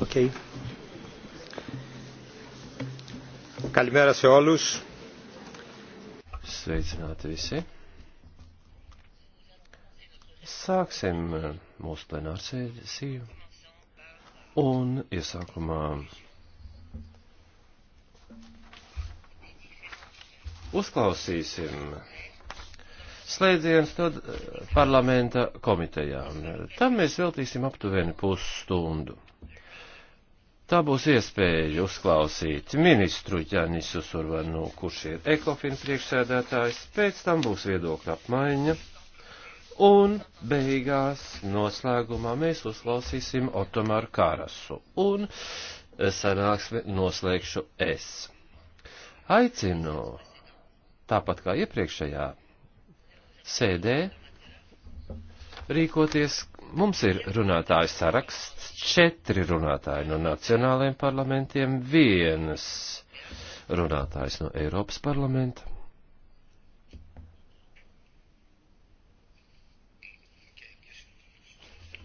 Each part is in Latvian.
Okay. Καλημέρα σε όλους. Sveicināti visi. Sāksim uh, mūsu plenārsēdesiju. Un iesākumā uzklausīsim slēdziens tad eh, parlamenta komitejām. Tam mēs veltīsim aptuveni pusstundu. Tā būs iespēja uzklausīt ministru Janis Usurvanu, kurš ir ekofin priekšsēdētājs, pēc tam būs viedokļa apmaiņa. Un beigās noslēgumā mēs uzklausīsim Otomaru Kārasu. Un eh, sanāksmi noslēgšu es. Aicinu, tāpat kā iepriekšējā sēdē rīkoties. Mums ir runātājs saraksts, četri runātāji no nacionālajiem parlamentiem, vienas runātājs no Eiropas parlamenta.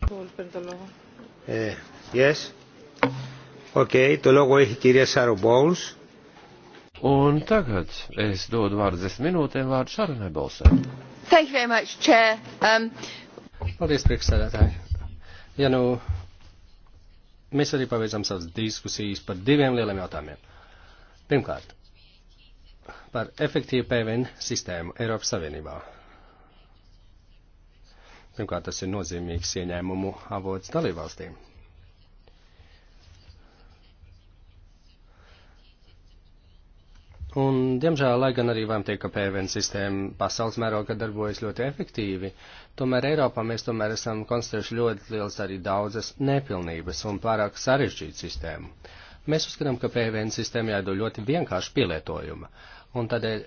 Ε, eh, yes. Okay, το λόγο έχει η κυρία Σάρο Μπόουλς. Un tagad es dodu vārdu 10 minūtēm vārdu Šaranai Balsai. Thank you very much, Chair. Um... Paldies, priekšsēdētāji. Ja nu, mēs arī paveidzam savas diskusijas par diviem lieliem jautājumiem. Pirmkārt, par efektīvu PVN sistēmu Eiropas Savienībā. Pirmkārt, tas ir nozīmīgs ieņēmumu avots dalībvalstīm. Un, diemžēl, lai gan arī varam teikt, ka PVN sistēma pasaules mērogā darbojas ļoti efektīvi, tomēr Eiropā mēs tomēr esam konstatējuši ļoti liels arī daudzas nepilnības un pārāk sarežģītu sistēmu. Mēs uzskatām, ka PVN sistēma jādod ļoti vienkārši pielietojuma, un tādēļ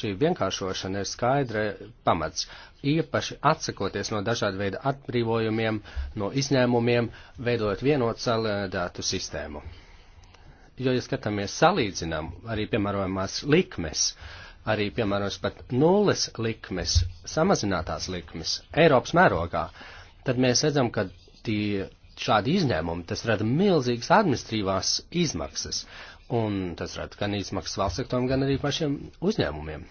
šī vienkāršošana ir skaidra pamats, īpaši atsakoties no dažāda veida atbrīvojumiem, no izņēmumiem, veidojot vienotu salēdātu sistēmu. Jo, ja skatāmies salīdzinām arī piemērojamās likmes, arī piemērojams pat nulles likmes, samazinātās likmes Eiropas mērogā, tad mēs redzam, ka tie šādi izņēmumi, tas rada milzīgas administrīvās izmaksas, un tas rada gan izmaksas valsts sektoram, gan arī pašiem uzņēmumiem.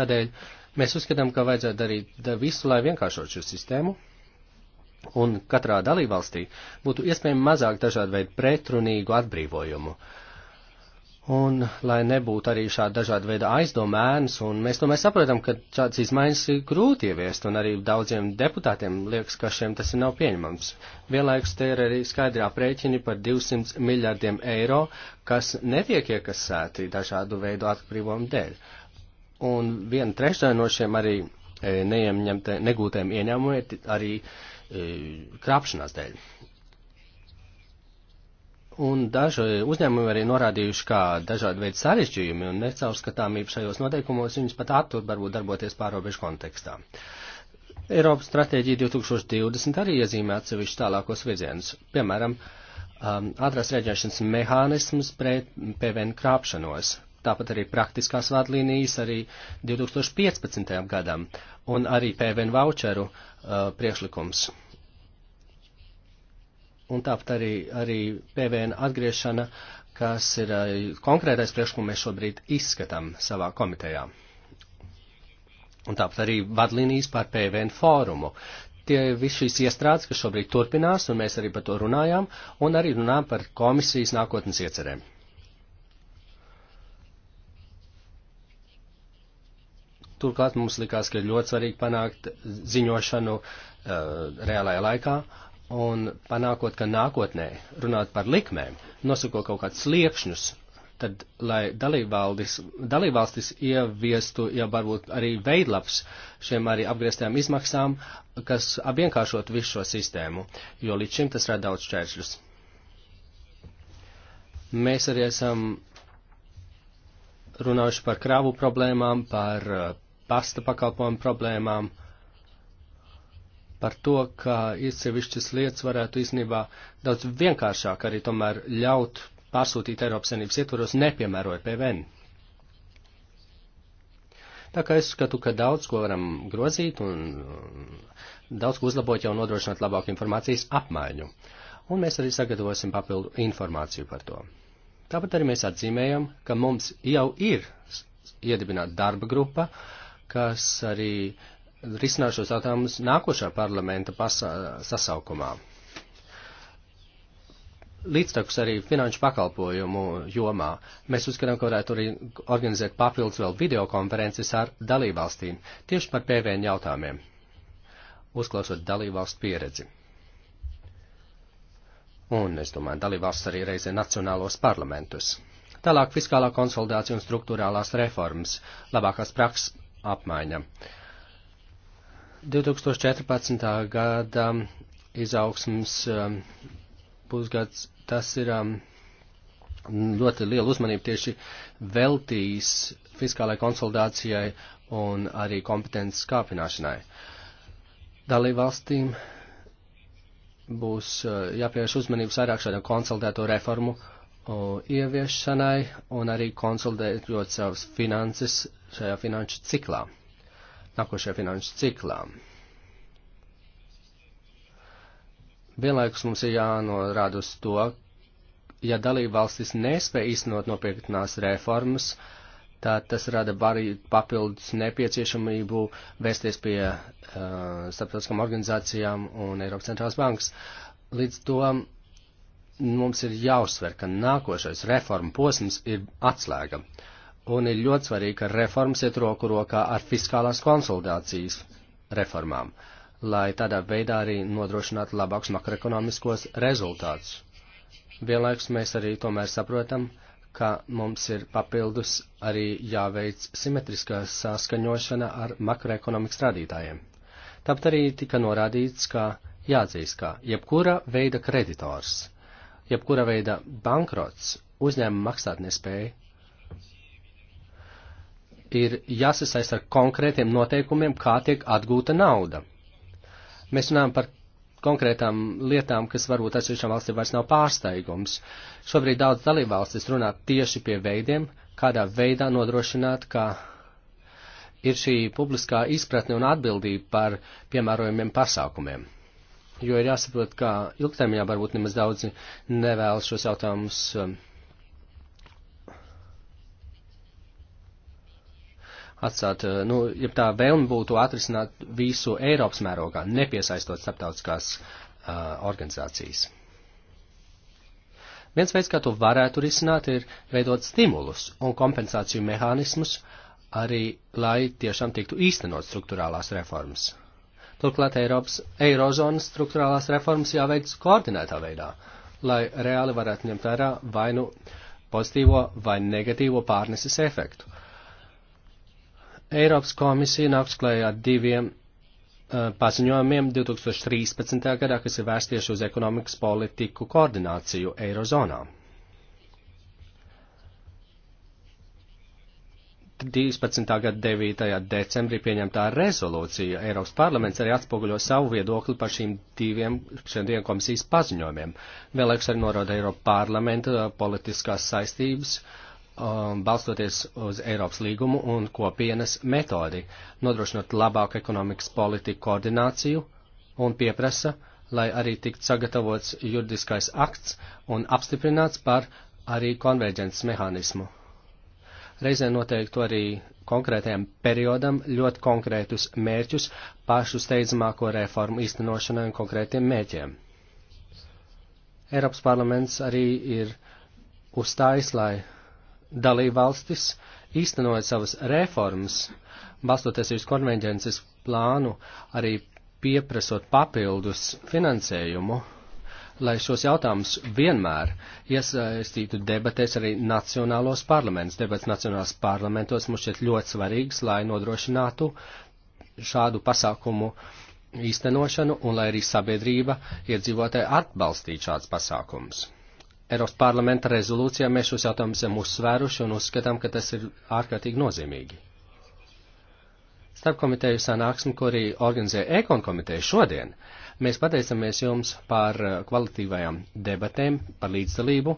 Tādēļ mēs uzskatām, ka vajadzētu darīt visu, lai vienkāršotu šo sistēmu, un katrā dalībvalstī būtu iespējami mazāk dažādu veidu pretrunīgu atbrīvojumu. Un lai nebūtu arī šāda dažāda veida aizdomēnas, un mēs tomēr saprotam, ka šāds izmaiņas ir grūti ieviest, un arī daudziem deputātiem liekas, ka šiem tas nav pieņemams. Vienlaikus te ir arī skaidrā prēķini par 200 miljārdiem eiro, kas netiek iekasēti dažādu veidu atbrīvojumu dēļ. Un viena trešdaļa no šiem arī e, neieņemtē, negūtēm ieņēmumiem arī. Uh, E, krāpšanās dēļ. Un daži uzņēmumi arī norādījuši, kā dažādi veidi sarežģījumi un necaurskatāmība šajos noteikumos viņus pat attur varbūt darboties pārobežu kontekstā. Eiropas stratēģija 2020 arī iezīmē atsevišķus tālākos virzienus, piemēram, ātrās um, rēģēšanas mehānismus pret PVN krāpšanos, tāpat arī praktiskās vadlīnijas arī 2015. gadam un arī PVN voucheru uh, priekšlikums. Un tāpat arī, arī PVN atgriešana, kas ir uh, konkrētais priekšlikums, mēs šobrīd izskatām savā komitejā. Un tāpat arī vadlīnijas par PVN fórumu. Tie visi šīs iestrādes, kas šobrīd turpinās, un mēs arī par to runājām, un arī runājām par komisijas nākotnes iecerēm. Turklāt mums likās, ka ir ļoti svarīgi panākt ziņošanu uh, reālajā laikā un panākot, ka nākotnē runāt par likmēm, nosakot kaut kādus sliekšņus, tad, lai dalībvalstis ieviestu, ja varbūt arī veidlaps šiem arī apgrieztajām izmaksām, kas vienkāršot visu šo sistēmu, jo līdz šim tas rada daudz šķēršļus. Mēs arī esam runājuši par kravu problēmām, par eh, pasta pakalpojumu problēmām, par to, ka atsevišķas lietas varētu īstenībā daudz vienkāršāk arī tomēr ļaut pārsūtīt Eiropas Savienības ietvaros, nepiemērojot PVN. Tā kā es skatu, ka daudz ko varam grozīt un daudz ko uzlabot jau nodrošinot labāku informācijas apmaiņu. Un mēs arī sagatavosim papildu informāciju par to. Tāpat arī mēs atzīmējam, ka mums jau ir iedibināta darba grupa, uh, kas arī risinās šos jautājumus nākošā parlamenta sasaukumā. Līdztekus arī finanšu pakalpojumu jomā. Mēs uzskatām, ka varētu arī organizēt papildus vēl videokonferences ar dalībvalstīm tieši par PVN jautājumiem, uzklausot dalībvalstu pieredzi. Un, es domāju, dalībvalsts arī reizē nacionālos parlamentus. Tālāk fiskālā konsolidācija un struktūrālās reformas, labākās prakses apmaiņa. 2014. gada izaugsmas um, pusgads, tas ir um, ļoti liela uzmanība tieši veltījis fiskālai konsolidācijai un arī kompetences kāpināšanai. Dalībvalstīm būs uh, jāpievērš uzmanības vairāk šādam konsolidēto reformu uh, ieviešanai un arī konsolidējot savas finanses šajā finanšu ciklā, nākošajā finanšu ciklā. Vienlaikus mums ir jānorāda uz to, ja dalība valstis nespēja īstenot nopietnās reformas, tad tas rada arī papildus nepieciešamību vērsties pie uh, starptautiskām organizācijām un Eiropas centrālās bankas. Līdz to mums ir jāuzsver, ka nākošais reformu posms ir atslēga. Un ir ļoti svarīgi, ka reformas iet roku rokā ar fiskālās konsolidācijas reformām, lai tādā veidā arī nodrošinātu labākus makroekonomiskos rezultātus. Vienlaikus mēs arī tomēr saprotam, ka mums ir papildus arī jāveic simetriskā saskaņošana ar makroekonomikas rādītājiem. Tāpat arī tika norādīts, ka jāatzīst, ka jebkura veida kreditors jebkura veida bankrots, uzņēmuma maksātnespēja, ir jāsasaist ar konkrētiem noteikumiem, kā tiek atgūta nauda. Mēs runājam par konkrētām lietām, kas varbūt atsevišķām valstīm vairs nav pārsteigums. Šobrīd daudz dalībvalstis runā tieši pie veidiem, kādā veidā nodrošināt, ka ir šī publiskā izpratne un atbildība par piemērojumiem pasākumiem jo ir jāsaprot, ka ilgtermiņā varbūt nemaz daudzi nevēlas šos jautājumus. Um, atstāt, uh, nu, ja tā vēlme būtu atrisināt visu Eiropas mērogā, nepiesaistot starptautiskās uh, organizācijas. Viens veids, kā to varētu risināt, ir veidot stimulus un kompensāciju mehānismus arī, lai tiešām tiktu īstenot struktūrālās reformas. Turklāt Eiropas eirozonas struktūrālās reformas jāveic koordinētā veidā, lai reāli varētu ņemt vērā vai nu pozitīvo vai negatīvo pārneses efektu. Eiropas komisija nāks klējā diviem uh, paziņojumiem 2013. gadā, kas ir vērsties uz ekonomikas politiku koordināciju Eirozonā. 13. gada 9. decembrī pieņemtā rezolūcija Eiropas parlaments arī atspoguļo savu viedokli par šīm diviem, šiem diviem komisijas paziņojumiem. Vēlēks arī noroda Eiropas parlamenta politiskās saistības, um, balstoties uz Eiropas līgumu un kopienas metodi, nodrošinot labāku ekonomikas politiku koordināciju un pieprasa, lai arī tikt sagatavots juridiskais akts un apstiprināts par arī konverģences mehānismu reizē noteiktu arī konkrētajam periodam ļoti konkrētus mērķus pašu steidzamāko reformu īstenošanai un konkrētiem mērķiem. Eiropas parlaments arī ir uzstājis, lai dalībvalstis īstenot savas reformas, balstoties uz konvenģences plānu, arī pieprasot papildus finansējumu lai šos jautājumus vienmēr iesaistītu debatēs arī nacionālos parlamentus. Debats nacionālās parlamentos mums šķiet ļoti svarīgs, lai nodrošinātu šādu pasākumu īstenošanu un lai arī sabiedrība iedzīvotāji atbalstītu šāds pasākums. Eiropas parlamenta rezolūcijā mēs šos jautājumus esam uzsvēruši un uzskatām, ka tas ir ārkārtīgi nozīmīgi. Starpkomiteju sanāksmi, kuri organizē Ekon komiteju šodien, uh, Mēs pateicamies jums par eh, kvalitīvajām debatēm, par līdzdalību,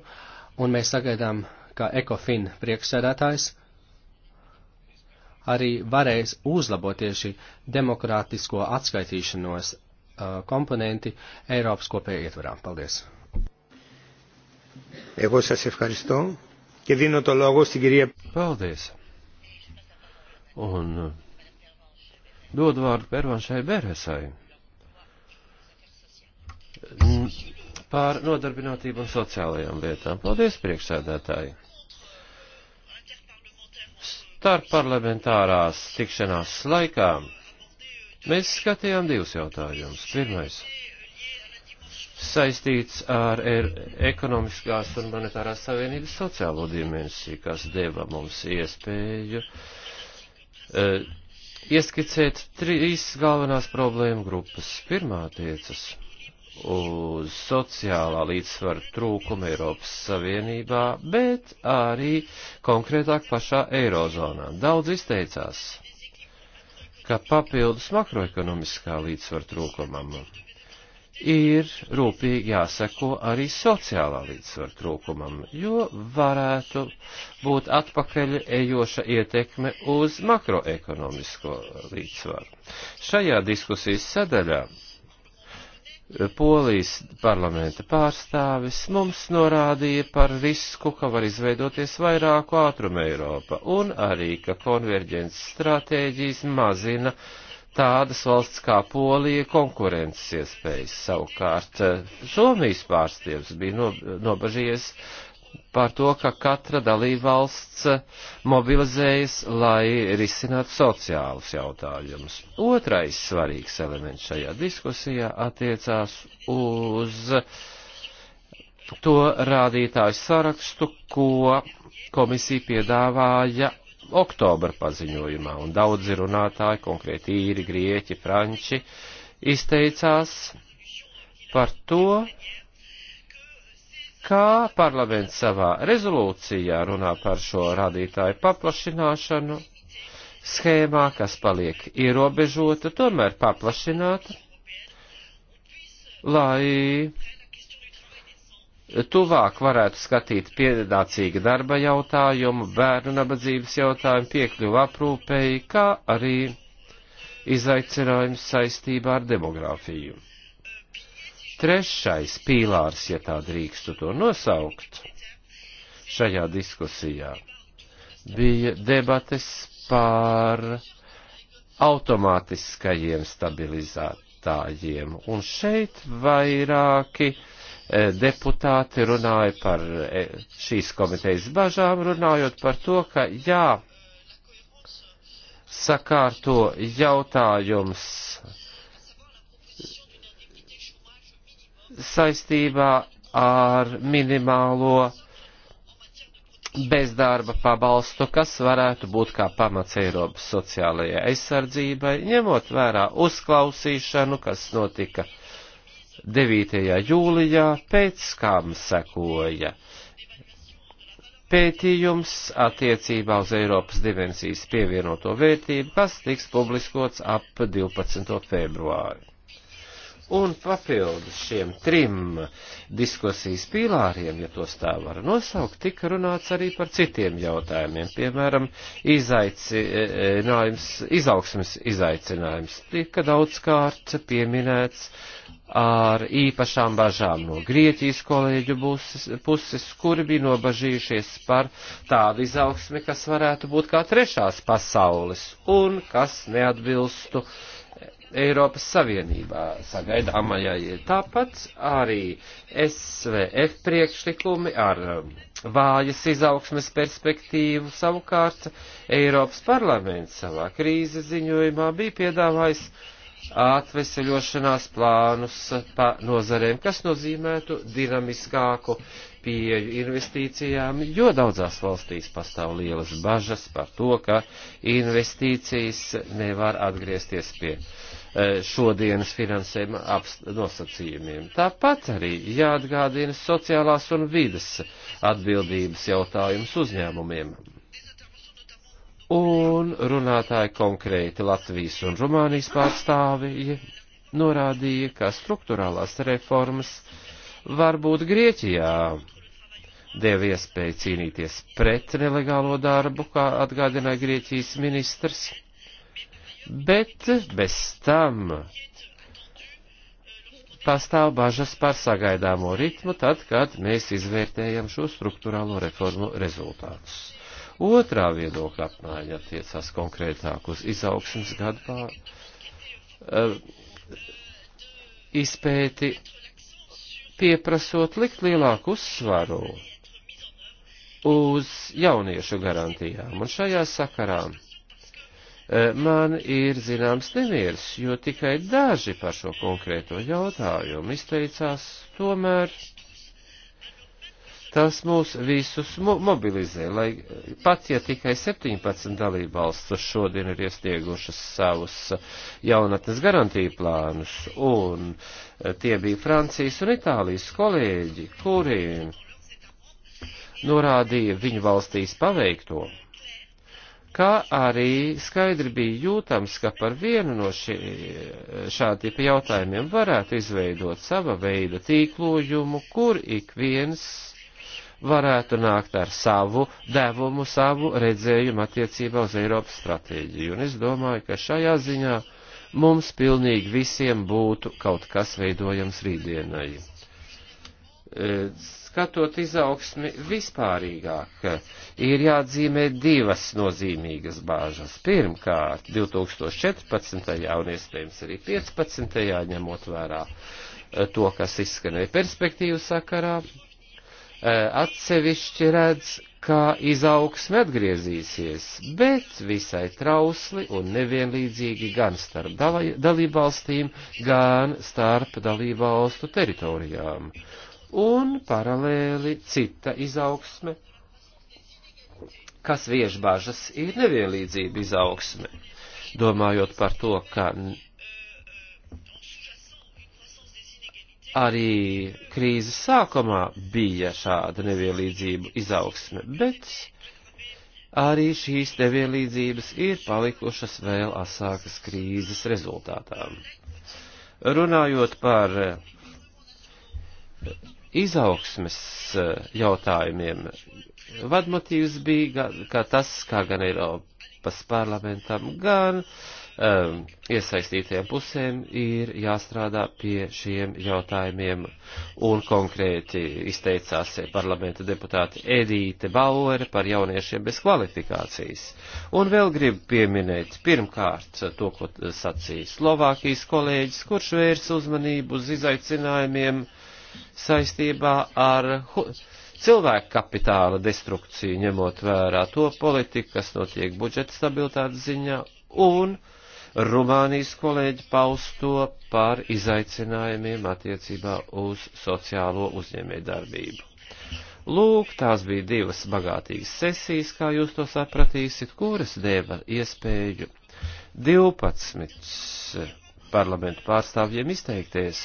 un mēs sagaidām, ka ECOFIN priekšsēdētājs arī varēs uzlabot tieši demokrātisko atskaitīšanos eh, komponenti Eiropas kopējā ietvarā. Paldies! Εγώ σας ευχαριστώ και δίνω το λόγο στην κυρία... Paldies! Un eh, dod vārdu Pervanšai Beresai pār nodarbinātību un sociālajām lietām. Paldies, priekšsēdētāji! Starp parlamentārās tikšanās laikā mēs skatījām divus jautājumus. Pirmais saistīts ar er ekonomiskās un monetārās savienības sociālo dimensiju, kas deva mums iespēju uh, ieskicēt trīs galvenās problēmu grupas. Pirmā tiecas uz sociālā līdzsvara trūkumu Eiropas Savienībā, bet arī konkrētāk pašā Eirozonā. Daudz izteicās, ka papildus makroekonomiskā līdzsvara trūkumam ir rūpīgi jāseko arī sociālā līdzsvara trūkumam, jo varētu būt atpakaļ ejoša ietekme uz makroekonomisko līdzsvaru. Šajā diskusijas sadaļā Polijas parlamenta pārstāvis mums norādīja par risku, ka var izveidoties vairāku ātrumu Eiropa, un arī, ka konverģences stratēģijas mazina tādas valsts kā Polija konkurences iespējas. Savukārt eh, Somijas pārstāvis bija nobažījies par to, ka katra dalībvalsts mobilizējas, lai risinātu sociālus jautājumus. Otrais svarīgs elements šajā diskusijā attiecās uz to rādītāju sarakstu, ko komisija piedāvāja oktobra paziņojumā, un daudzi runātāji, konkrēti īri, grieķi, franči, izteicās par to, kā parlaments savā rezolūcijā runā par šo rādītāju paplašināšanu, schēmā, kas paliek ierobežota, tomēr paplašināta, lai tuvāk varētu skatīt piedācīga darba jautājumu, bērnu nabadzības jautājumu, piekļuvu aprūpēji, kā arī izaicinājums saistībā ar demogrāfiju. Trešais pīlārs, ja tā drīkstu to nosaukt, šajā diskusijā bija debates par automātiskajiem stabilizētājiem, un šeit vairāki e, deputāti runāja par e, šīs komitejas bažām, runājot par to, ka jā, sakārto jautājums saistībā ar minimālo bezdarba pabalstu, kas varētu būt kā pamats Eiropas sociālajai aizsardzībai, ņemot vērā uzklausīšanu, kas notika 9. jūlijā, pēc kam sekoja pētījums attiecībā uz Eiropas dimensijas pievienoto vērtību, kas tiks publiskots ap 12. februāri. Un papildus šiem trim diskusijas pīlāriem, ja tos tā var nosaukt, tika runāts arī par citiem jautājumiem, piemēram, izaicinājums, e, e, izaugsmes izaicinājums. Tika daudzkārt pieminēts ar īpašām bažām no Grieķijas kolēģu puses, puses, kuri bija nobažījušies par tādu izaugsmi, kas varētu būt kā trešās pasaules un kas neatbilstu uh, Eiropas Savienībā sagaidāmajai. Tāpat arī SVF priekšlikumi ar um, vājas izaugsmes perspektīvu savukārt Eiropas parlaments savā krīzes ziņojumā bija piedāvājis atveseļošanās plānus pa nozarēm, kas nozīmētu dinamiskāku pieeju investīcijām, jo daudzās valstīs pastāv lielas bažas par to, ka investīcijas nevar atgriezties pie uh, E, šodienas finansējuma nosacījumiem. Tāpat arī jāatgādina sociālās un vidas atbildības jautājums uzņēmumiem. Un runātāji konkrēti Latvijas un Rumānijas pārstāvji norādīja, ka struktūrālās reformas varbūt Grieķijā deva iespēju cīnīties pret nelegālo darbu, kā atgādināja Grieķijas ministrs bet bez tam pastāv bažas par sagaidāmo ritmu, tad, kad mēs izvērtējam šo struktūrālo reformu rezultātus. Otrā viedokļa apmaiņa attiecās konkrētāk uz izaugsmas gadu pār, uh, eh, izpēti, pieprasot likt lielāku uzsvaru uz jauniešu garantijām. Un šajā sakarā Eh, man ir zināms nemieris, jo tikai daži par šo konkrēto jautājumu izteicās, tomēr tas mūs visus mo mobilizē, lai eh, pat ja tikai 17 dalībvalstis šodien ir iesniegušas savus eh, jaunatnes garantiju plānus, un tie bija Francijas un Itālijas kolēģi, kuri norādīja viņu valstīs paveikto kā arī skaidri bija jūtams, ka par vienu no šāda tipa jautājumiem varētu izveidot sava veida tīklojumu, kur ik viens varētu nākt ar savu devumu, savu redzējumu attiecībā uz Eiropas stratēģiju. Un es domāju, ka šajā ziņā mums pilnīgi visiem būtu kaut kas veidojams rītdienai. Skatot izaugsmi vispārīgāk, ir jāatzīmē divas nozīmīgas bāžas. Pirmkārt, 2014. un iespējams arī 15. ņemot vērā eh, to, kas izskanēja perspektīvu sakarā, eh, atsevišķi redz, kā izaugsme atgriezīsies, bet visai trausli un nevienlīdzīgi gan starp dalībvalstīm, gan starp dalībvalstu teritorijām un paralēli cita izaugsme, kas viež bažas, ir nevienlīdzība izaugsme. Domājot par to, ka arī krīzes sākumā bija šāda nevienlīdzība izaugsme, bet arī šīs nevienlīdzības ir palikušas vēl asākas krīzes rezultātām. Runājot par izaugsmes eh, jautājumiem vadmotīvs bija kā tas, kā gan Eiropas parlamentam, gan um, iesaistītajām pusēm ir jāstrādā pie šiem jautājumiem. Un konkrēti izteicās parlamenta deputāti Edīte Bauere par jauniešiem bez kvalifikācijas. Un vēl gribu pieminēt pirmkārt to, ko sacīja Slovākijas kolēģis, kurš vērs uzmanību uz izaicinājumiem, saistībā ar cilvēku kapitāla destrukciju, ņemot vērā to politiku, kas notiek budžeta stabilitātes ziņā, un Rumānijas kolēģi pausto par izaicinājumiem attiecībā uz sociālo uzņēmējdarbību. Lūk, tās bija divas bagātīgas sesijas, kā jūs to sapratīsiet, kuras deva iespēju 12 parlamentu pārstāvjiem izteikties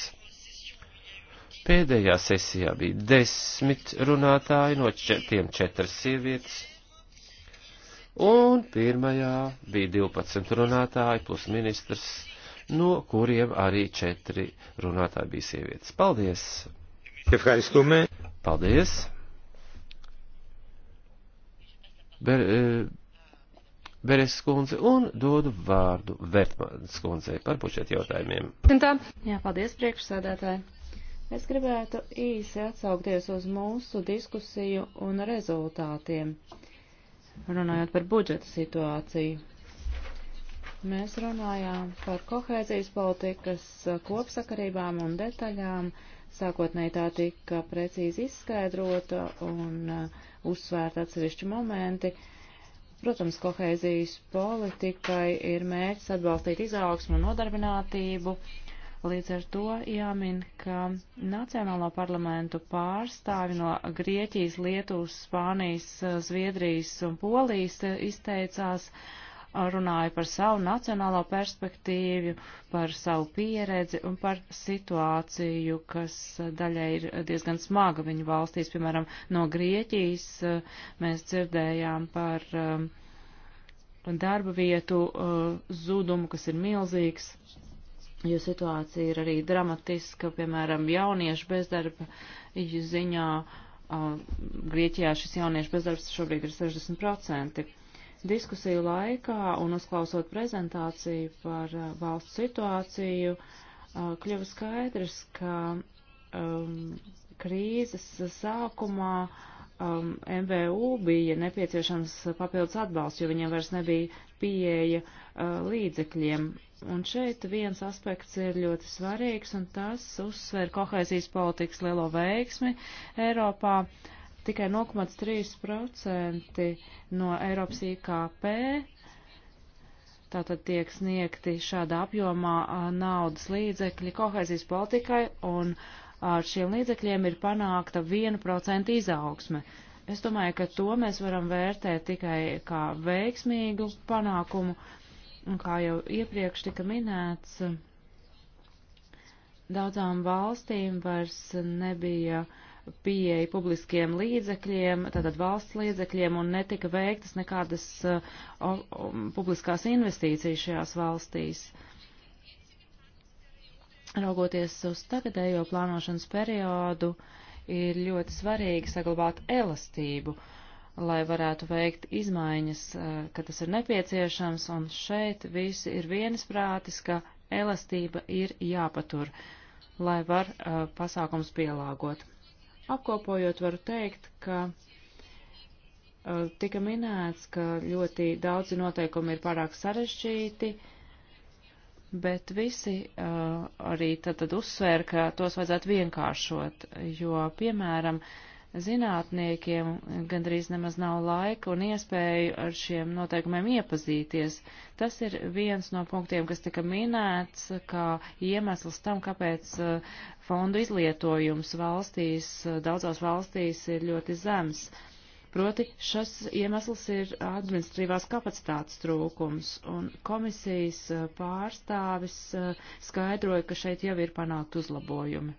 Pēdējā sesijā bija desmit runātāji, no tiem četras sievietes. Un pirmajā bija 12 runātāji plus ministrs, no kuriem arī četri runātāji bija sievietes. Paldies! Paldies! Ber, e, Beres skundze un dodu vārdu Vertmanas skundzei par budžeta jautājumiem. Jā, paldies priekšsēdētāji. Es gribētu īsi atsaukties uz mūsu diskusiju un rezultātiem, runājot par budžeta situāciju. Mēs runājām par kohēzijas politikas kopsakarībām un detaļām. Sākotnēji tā tika precīzi izskaidrota un uh, uzsvērta atsevišķi momenti. Protams, kohēzijas politikai ir mērķis atbalstīt izaugsmu un nodarbinātību. Uh, Līdz ar to jāmin, ka Nacionālo parlamentu pārstāvi no Grieķijas, Lietuvas, Spānijas, Zviedrijas un Polijas izteicās, runāja par savu nacionālo perspektīvu, par savu pieredzi un par situāciju, kas daļai ir diezgan smaga viņu valstīs. Piemēram, no Grieķijas eh, mēs dzirdējām par eh, darba vietu eh, zudumu, kas ir milzīgs jo situācija ir arī dramatiska, piemēram, jauniešu bezdarba ziņā. Grieķijā šis jauniešu bezdarbs šobrīd ir 60%. Diskusiju laikā un uzklausot prezentāciju par valsts situāciju, kļuva skaidrs, ka um, krīzes sākumā um, MVU bija nepieciešams papildus atbalsts, jo viņiem vairs nebija pieeja uh, līdzekļiem Un šeit viens aspekts ir ļoti svarīgs, un tas uzsver kohēzijas politikas lielo veiksmi Eiropā. Tikai 0,3% no Eiropas IKP tātad tiek sniegti šādā apjomā naudas līdzekļi kohēzijas politikai, un ar šiem līdzekļiem ir panākta 1% izaugsme. Es domāju, ka to mēs varam vērtēt tikai kā veiksmīgu panākumu, Un kā jau iepriekš tika minēts, daudzām valstīm vairs nebija pieeja publiskiem līdzekļiem, tātad valsts līdzekļiem, un netika veiktas nekādas o, o, publiskās investīcijas šajās valstīs. Raugoties uz tagadējo plānošanas periodu, ir ļoti svarīgi saglabāt elastību. Uh, lai varētu veikt izmaiņas, eh, kad tas ir nepieciešams, un šeit visi ir vienisprātis, ka elastība ir jāpatur, lai var eh, pasākums pielāgot. Apkopojot, varu teikt, ka eh, tika minēts, ka ļoti daudzi noteikumi ir pārāk sarežģīti, bet visi arī tad, tad uzsver, ka tos vajadzētu vienkāršot, jo, piemēram, uh, zinātniekiem gandrīz nemaz nav laika un iespēju ar šiem noteikumiem iepazīties. Tas ir viens no punktiem, kas tika minēts kā iemesls tam, kāpēc uh, fondu izlietojums valstīs, uh, daudzās valstīs ir ļoti zems. Proti šis iemesls ir administratīvās kapacitātes trūkums, un komisijas uh, pārstāvis skaidroja, ka šeit jau ir panākt uzlabojumi.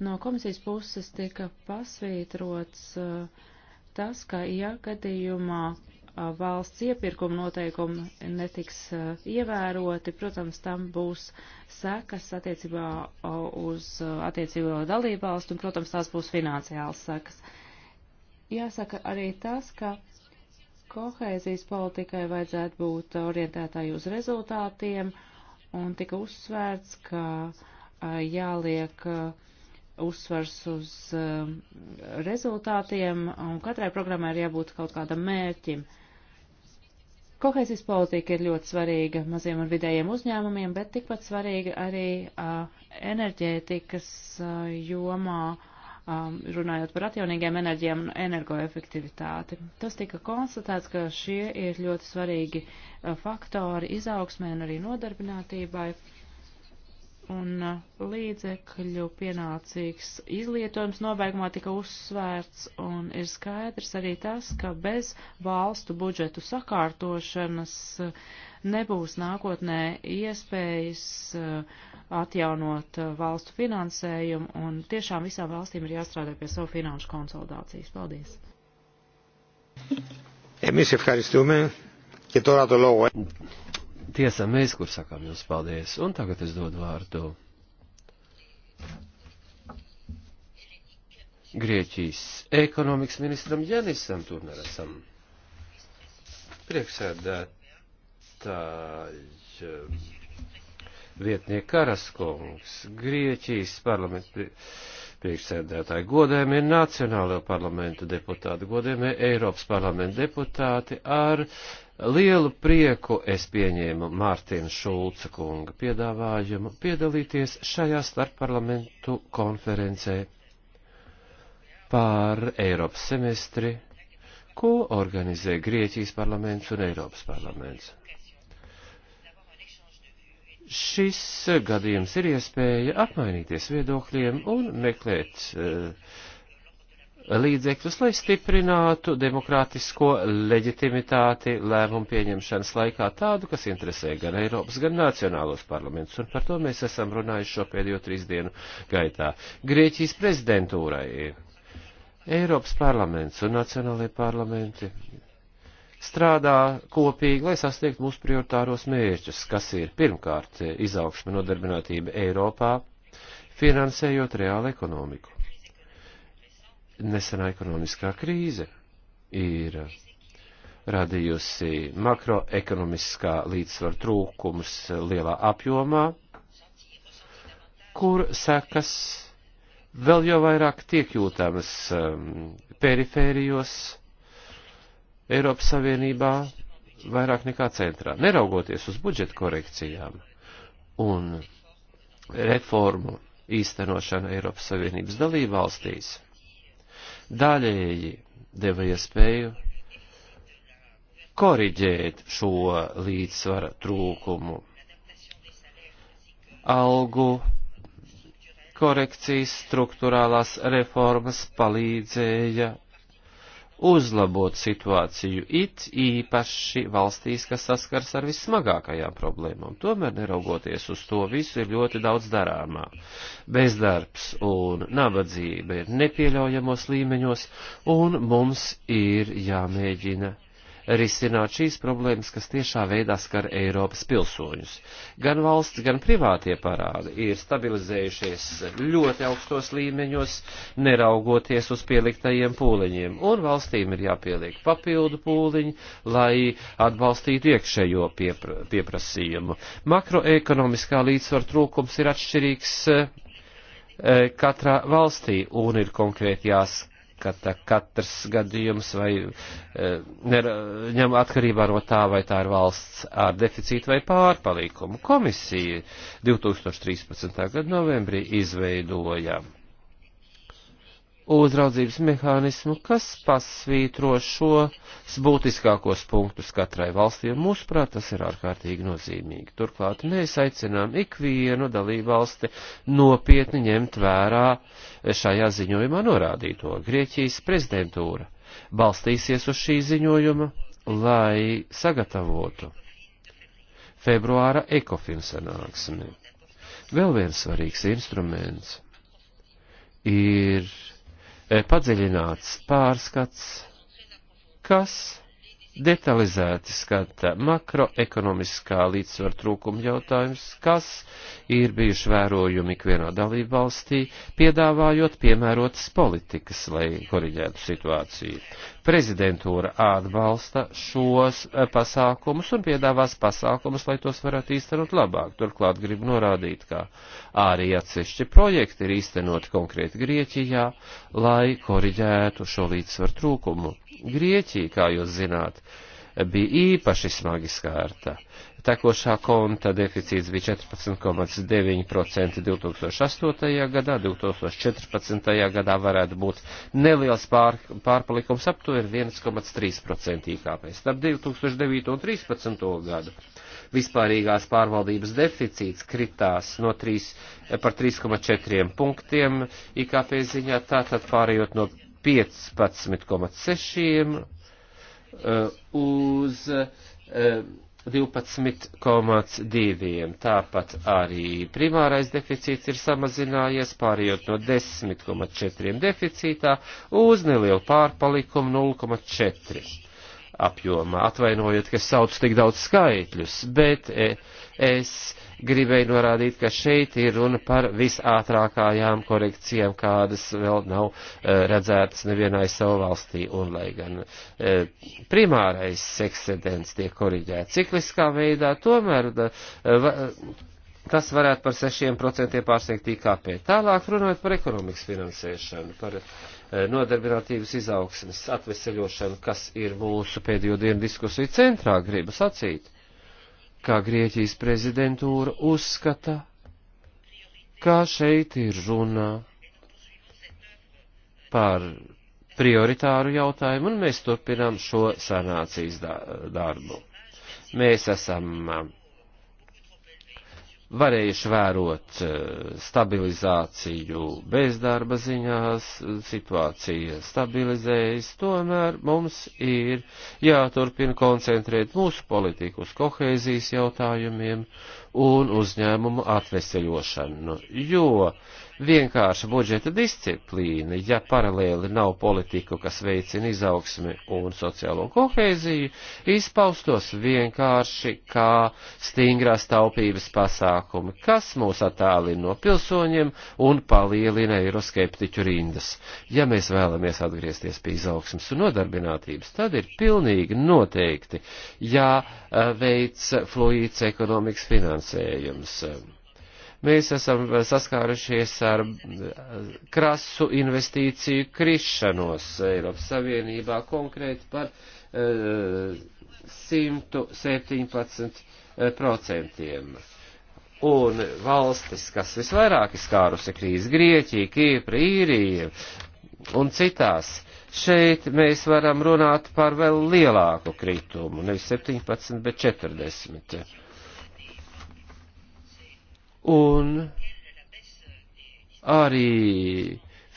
No komisijas puses tika pasvītrots eh, tas, ka, ja gadījumā eh, valsts iepirkuma noteikumi netiks eh, ievēroti, protams, tam būs sekas attiecībā uz attiecīgo dalībvalstu, un, protams, tās būs finansiāls sekas. Jāsaka arī tas, ka kohēzijas politikai vajadzētu būt orientētāji uz rezultātiem, un tika uzsvērts, ka jāliek uh, uzsvars uz uh, rezultātiem, un katrai programmai ir jābūt kaut kādam mērķim. Kohēzijas politika ir ļoti svarīga maziem un vidējiem uzņēmumiem, bet tikpat svarīga arī uh, enerģētikas uh, jomā, um, runājot par atjaunīgiem enerģiem un energoefektivitāti. Tas tika konstatēts, ka šie ir ļoti svarīgi uh, faktori izaugsmē un arī nodarbinātībai. Uh, un uh, līdzekļu pienācīgs izlietojums nobeigumā tika uzsvērts, un ir skaidrs arī tas, ka bez valstu budžetu sakārtošanas uh, nebūs nākotnē iespējas uh, atjaunot valstu finansējumu, un tiešām visām valstīm ir jāstrādā pie savu finanšu konsolidācijas. Paldies! Emis ευχαριστούμε και τώρα το λόγο tiesā mēs, kur sakām jums paldies. Un tagad es dodu vārdu Grieķijas ekonomikas ministram Janisam Turnerasam. Priekšsēdētāji vietnieku Karaskungs, Grieķijas parlamenta priekšsēdētāji, godējumie Nacionālo parlamentu deputāti, godējumie Eiropas parlamenta deputāti ar lielu prieku es pieņēmu Mārtiņa Šulca kunga piedāvājumu piedalīties šajā starpparlamentu konferencē par Eiropas semestri, ko organizē Grieķijas parlaments un Eiropas parlaments. Šis gadījums ir iespēja apmainīties viedokļiem un meklēt uh, līdzekļus, lai stiprinātu demokrātisko leģitimitāti lēmumu pieņemšanas laikā tādu, kas interesē gan Eiropas, gan nacionālos parlamentus, un par to mēs esam runājuši šo pēdējo trīs dienu gaitā. Grieķijas prezidentūrai Eiropas parlaments un nacionālajie parlamenti strādā kopīgi, lai sasniegtu mūsu prioritāros mērķus, kas ir pirmkārt eh, izaugsme nodarbinātība Eiropā, finansējot reālu ekonomiku nesenā ekonomiskā krīze ir radījusi makroekonomiskā līdzsvaru trūkumus lielā apjomā, kur sekas vēl jau vairāk tiek jūtamas um, perifērijos Eiropas Savienībā vairāk nekā centrā, neraugoties uz budžeta korekcijām un reformu īstenošanu Eiropas Savienības dalībvalstīs. valstīs daļēji deva iespēju koriģēt šo līdzsvara trūkumu. Algu korekcijas struktūrālās reformas palīdzēja uzlabot situāciju it īpaši valstīs, kas saskars ar vissmagākajām problēmām. Tomēr, neraugoties uz to visu, ir ļoti daudz darāmā. Bezdarbs un nabadzība ir nepieļaujamos līmeņos, un mums ir jāmēģina risināt šīs problēmas, kas tiešā veidā skar Eiropas pilsoņus. Gan valsts, gan privātie parādi ir stabilizējušies ļoti augstos līmeņos, neraugoties uz pieliktajiem pūliņiem, un valstīm ir jāpieliek papildu pūliņi, lai atbalstītu iekšējo piepra pieprasījumu. Makroekonomiskā līdzsvara trūkums ir atšķirīgs eh, katrā valstī un ir konkrēti jāskatās jāskata katrs gadījums vai e, ņem atkarībā no tā, vai tā ir valsts ar deficītu vai pārpalīkumu. Komisija 2013. gada novembrī izveidoja uzraudzības mehānismu, kas pasvītro šos būtiskākos punktus katrai valstī, un mūsuprāt tas ir ārkārtīgi nozīmīgi. Turklāt mēs aicinām ikvienu dalību valsti nopietni ņemt vērā šajā ziņojumā norādīto. Grieķijas prezidentūra balstīsies uz šī ziņojuma, lai sagatavotu februāra ekofin sanāksmi. Vēl viens svarīgs instruments ir Eh, padziļināts pārskats, kas detalizēti skata makroekonomiskā līdzsvar trūkuma jautājums, kas ir bijuši vērojumi ikvienā dalību valstī, piedāvājot piemērotas politikas, lai koriģētu situāciju. Prezidentūra atbalsta šos eh, pasākumus un piedāvās pasākumus, lai tos varētu īstenot labāk. Turklāt gribu norādīt, ka arī atsevišķi projekti ir īstenoti konkrēti Grieķijā, lai koriģētu šo līdzsvar trūkumu Grieķija, kā jūs zināt, bija īpaši smagi skārta. Tekošā konta deficīts bija 14,9% 2008. gadā, 2014. gadā varētu būt neliels pār, pārpalikums, aptuveni 1,3% IKP. Starp 2009 un 2013. gadu vispārīgās pārvaldības deficīts kritās no 3, par 3,4 punktiem IKP ziņā, tātad pārējot no 15,6 eh, uz 12,2. Eh, Tāpat arī primārais deficīts ir samazinājies, pārējot no 10,4 deficītā uz nelielu pārpalikumu 0,4 apjomā. Atvainojiet, ka sauc tik daudz skaitļus, bet eh, es gribēju norādīt, ka šeit ir runa par visātrākajām korekcijām, kādas vēl nav eh, redzētas nevienai savu valstī, un lai gan eh, primārais eksedents tiek koriģēts cikliskā veidā, tomēr eh, tas varētu par 6% pārsniegt IKP. Tālāk runājot par ekonomikas finansēšanu, par nodarbinātības izaugsmes atveseļošanu, kas ir mūsu pēdējo dienu diskusiju centrā, gribu sacīt kā Grieķijas prezidentūra uzskata, kā šeit ir runa par prioritāru jautājumu, un mēs turpinām šo sanācijas darbu. Mēs esam varējuši vērot eh, stabilizāciju bezdarba ziņās, situācija stabilizējas, tomēr mums ir jāturpina koncentrēt mūsu politiku uz kohēzijas jautājumiem un uzņēmumu atveseļošanu, jo vienkārša budžeta disciplīna, ja paralēli nav politiku, kas veicina izaugsmi un sociālo kohēziju, izpaustos vienkārši kā stingrā staupības pasākumi, kas mūs attālina no pilsoņiem un palielina eiroskeptiķu rindas. Ja mēs vēlamies atgriezties pie izaugsmas un nodarbinātības, tad ir pilnīgi noteikti jāveic ja, uh, fluīds ekonomikas finansējums finansējums. Mēs esam saskārušies ar eh, krasu investīciju krišanos Eiropas Savienībā konkrēti par uh, eh, 117%. Un valstis, kas visvairāk izskārusi krīzi, Grieķija, Kīpra, Īrija un citās, šeit mēs varam runāt par vēl lielāku kritumu, nevis 17, bet 40 un arī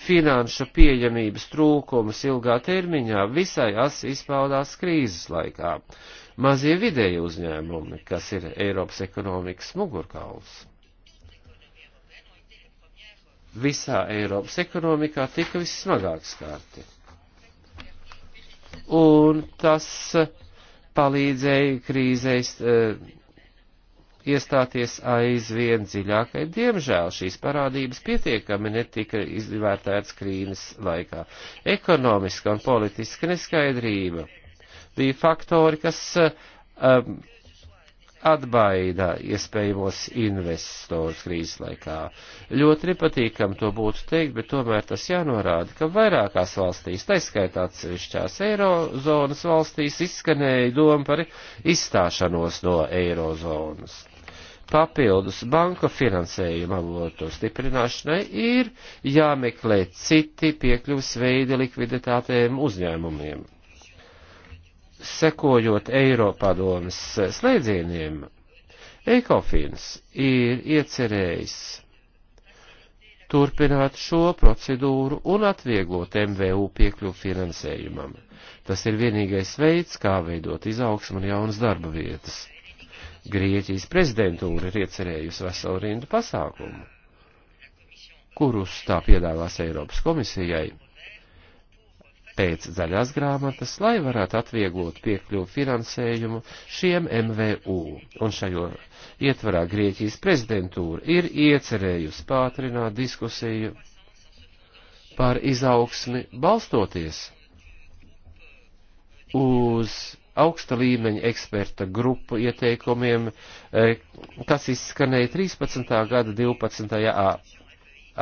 finanšu pieejamības trūkums ilgā termiņā visai as izpaudās krīzes laikā. Mazie vidēji uzņēmumi, kas ir Eiropas ekonomikas mugurkauls. Visā Eiropas ekonomikā tika vissmagāk skārti. Un tas palīdzēja krīzēs eh, iestāties aizvien dziļākai. Diemžēl šīs parādības pietiekami netika izvērtētas krīnas laikā. Ekonomiska un politiska neskaidrība bija faktori, kas um, atbaida iespējamos investors krīzes laikā. Ļoti nepatīkam to būtu teikt, bet tomēr tas jānorāda, ka vairākās valstīs, taiskaitā atsevišķās eirozonas valstīs, izskanēja doma par izstāšanos no eirozonas papildus banka finansējuma avotu stiprināšanai ir jāmeklē citi piekļuvs veidi likviditātēm uzņēmumiem. Sekojot Eiropadomas slēdzieniem, Ekofins ir iecerējis turpināt šo procedūru un atvieglot MVU piekļuvu finansējumam. Tas ir vienīgais veids, kā veidot izaugsmu un jaunas darba vietas. Grieķijas prezidentūra ir iecerējusi veselu rindu pasākumu, kurus tā piedāvās Eiropas komisijai pēc zaļās grāmatas, lai varētu atvieglot piekļuvu finansējumu šiem MVU. Un šajo ietvarā Grieķijas prezidentūra ir iecerējusi pātrināt diskusiju par izaugsmi balstoties uz augsta līmeņa eksperta grupu ieteikumiem, e, kas izskanēja 13. gada 12.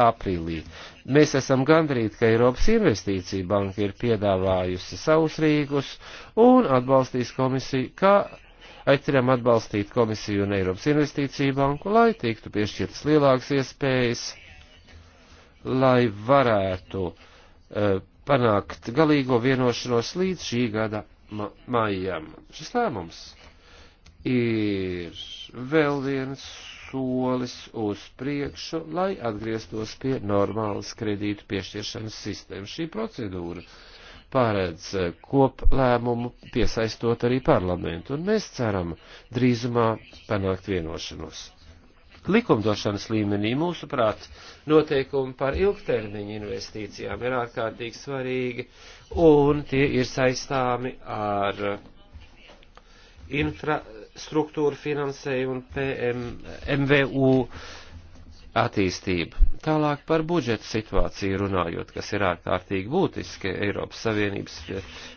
aprīlī. Mēs esam gandrīz, ka Eiropas investīcija banka ir piedāvājusi savus rīkus un atbalstīs komisiju, kā aicinām atbalstīt komisiju un Eiropas investīciju banku, lai tiktu piešķirtas lielākas iespējas, lai varētu uh, panākt galīgo vienošanos līdz šī gada ma maijam. Šis lēmums ir vēl viens solis uz priekšu, lai atgrieztos pie normālas kredītu piešķiršanas sistēmas. Šī procedūra pārēdz koplēmumu, piesaistot arī parlamentu, un mēs ceram drīzumā panākt vienošanos likumdošanas līmenī. Mūsuprāt, noteikumi par ilgtermiņa investīcijām ir ārkārtīgi svarīgi, un tie ir saistāmi ar infrastruktūru finansējumu un PM, MVU attīstību. Tālāk par budžeta situāciju runājot, kas ir ārkārtīgi būtiski Eiropas Savienības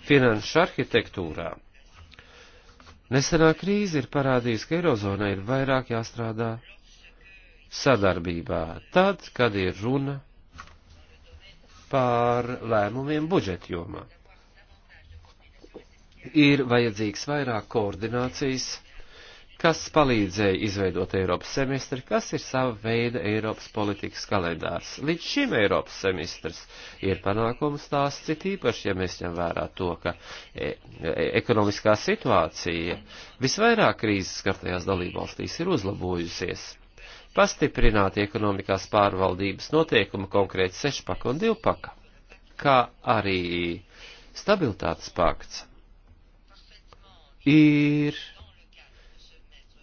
finanšu arhitektūrā. Nesenā krīze ir parādījusi, ka Eirozonai ir vairāk jāstrādā sadarbībā, tad, kad ir runa pār lēmumiem budžetjomā. Ir vajadzīgs vairāk koordinācijas, kas palīdzēja izveidot Eiropas semestri, kas ir sava veida Eiropas politikas kalendārs. Līdz šim Eiropas semestrs ir panākums tās cit īpaši, ja mēs ņem vērā to, ka e e ekonomiskā situācija visvairāk krīzes skartajās dalībvalstīs ir uzlabojusies pastiprināti ekonomikās pārvaldības noteikumi konkrēti sešpaka un divpaka, kā arī stabilitātes pakts, ir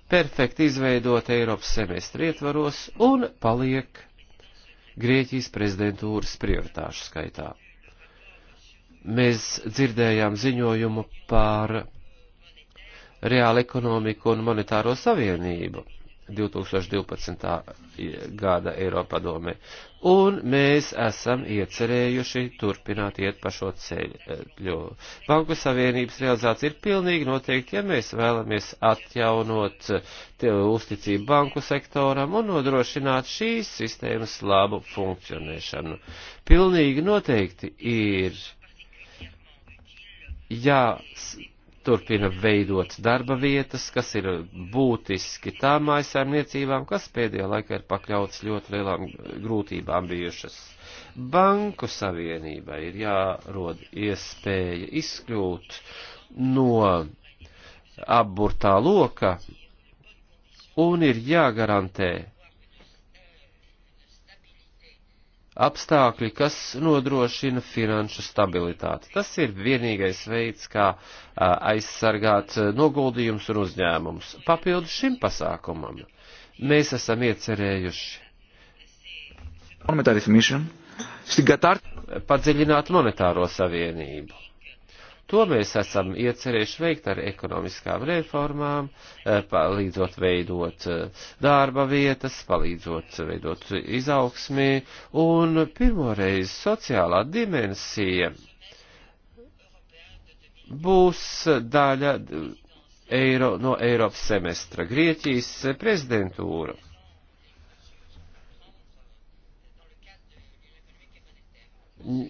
perfekti izveidota Eiropas semestra ietvaros un paliek Grieķijas prezidentūras prioritāšu skaitā. Mēs dzirdējām ziņojumu par reālu ekonomiku un monetāro savienību 2012. gada Eiropadomē. Un mēs esam iecerējuši turpināt iet pa šo ceļu. Eh, banku savienības realizācija ir pilnīgi noteikti, ja mēs vēlamies atjaunot eh, uzticību banku sektoram un nodrošināt šīs sistēmas labu funkcionēšanu. Pilnīgi noteikti ir jā. Ja, turpina veidot darba vietas, kas ir būtiski tām mājasēmniecībām, kas pēdējā laikā ir pakļautas ļoti lielām grūtībām bijušas. Banku savienībai ir jārod iespēja izkļūt no apburtā loka un ir jāgarantē apstākļi, kas nodrošina finanšu stabilitāti. Tas ir vienīgais veids, kā aizsargāt noguldījums un uzņēmums. Papildu šim pasākumam mēs esam iecerējuši. Padziļināt monetāro savienību To mēs esam iecerējuši veikt ar ekonomiskām reformām, eh, palīdzot veidot eh, darba vietas, palīdzot veidot izaugsmī, un pirmoreiz sociālā dimensija būs daļa eh, eiro, no Eiropas semestra Grieķijas prezidentūra. N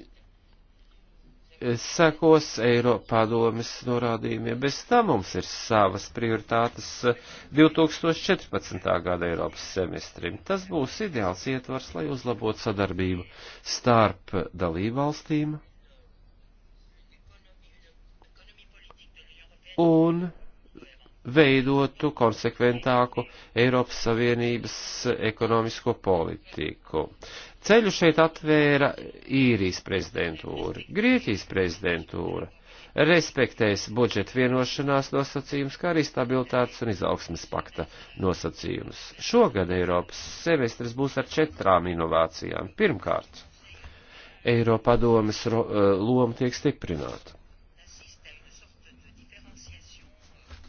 sekos Eiropadomes norādījumiem. Bez tam mums ir savas prioritātes 2014. gada Eiropas semestrim. Tas būs ideāls ietvars, lai uzlabotu sadarbību starp dalībvalstīm un veidotu konsekventāku Eiropas Savienības ekonomisko politiku. Ceļu šeit atvēra īrijas prezidentūra, Grieķijas prezidentūra, respektēs budžeta vienošanās nosacījums, kā arī stabilitātes un izaugsmes pakta nosacījums. Šogad Eiropas semestris būs ar četrām inovācijām. Pirmkārt, Eiropadomes eh, loma tiek stiprināta.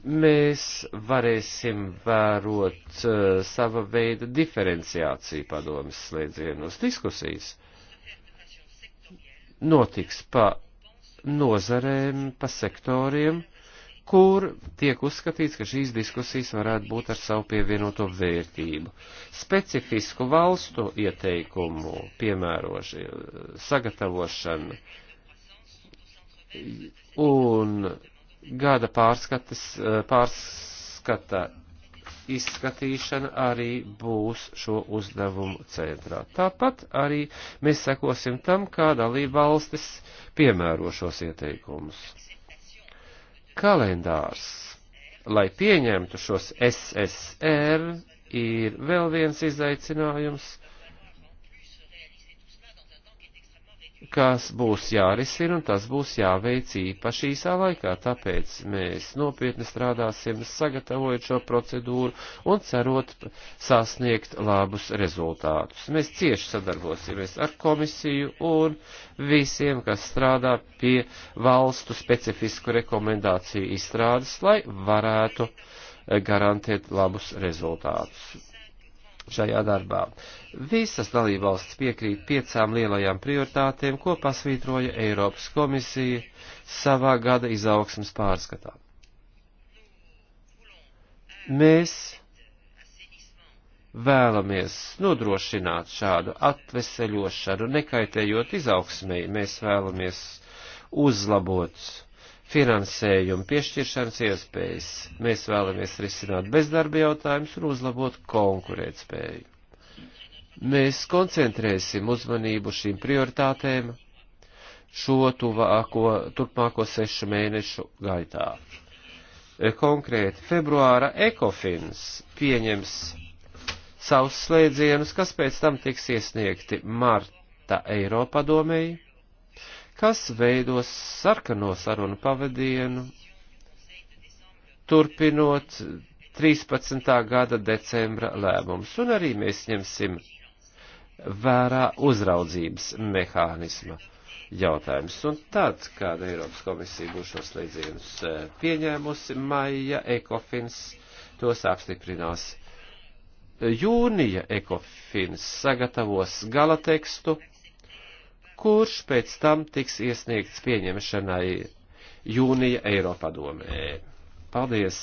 mēs varēsim vērot uh, sava veida diferenciāciju padomjas slēdzienos diskusijas. Notiks pa nozarēm, pa sektoriem, kur tiek uzskatīts, ka šīs diskusijas varētu būt ar savu pievienoto vērtību. Specifisku valstu ieteikumu, piemēroši, sagatavošanu un gada pārskatas, eh, pārskata izskatīšana arī būs šo uzdevumu centrā. Tāpat arī mēs sekosim tam, kā dalība valstis piemēro šos ieteikumus. Kalendārs, lai pieņemtu šos SSR, ir vēl viens izaicinājums kas būs jārisina un tas būs jāveic īpaši īsā laikā, tāpēc mēs nopietni strādāsim, sagatavojot šo procedūru un cerot sasniegt labus rezultātus. Mēs cieši sadarbosimies ar komisiju un visiem, kas strādā pie valstu specifisku rekomendāciju izstrādes, lai varētu garantēt labus rezultātus šajā darbā. Visas dalībvalstis piekrīt piecām lielajām prioritātēm, ko pasvītroja Eiropas komisija savā gada izaugsmas pārskatā. Mēs vēlamies nodrošināt šādu atveseļošanu, nekaitējot izaugsmēji, mēs vēlamies uzlabot finansējuma piešķiršanas iespējas. Mēs vēlamies risināt bezdarba jautājumus un uzlabot konkurētspēju. Mēs koncentrēsim uzmanību šīm prioritātēm šo tuvāko, turpmāko sešu mēnešu gaitā. Konkrēti, februāra ekofins pieņems savus slēdzienus, kas pēc tam tiks iesniegti marta Eiropadomēji kas veidos sarkano sarunu pavadienu, turpinot 13. gada decembra lēmums, un arī mēs ņemsim vērā uzraudzības mehānisma jautājums. Un tad, kad Eiropas komisija būs šos līdzienus eh, pieņēmusi, maija ekofins tos apstiprinās. Jūnija ekofins sagatavos gala tekstu kurš pēc tam tiks iesniegts pieņemšanai jūnija Eiropadomē. Paldies!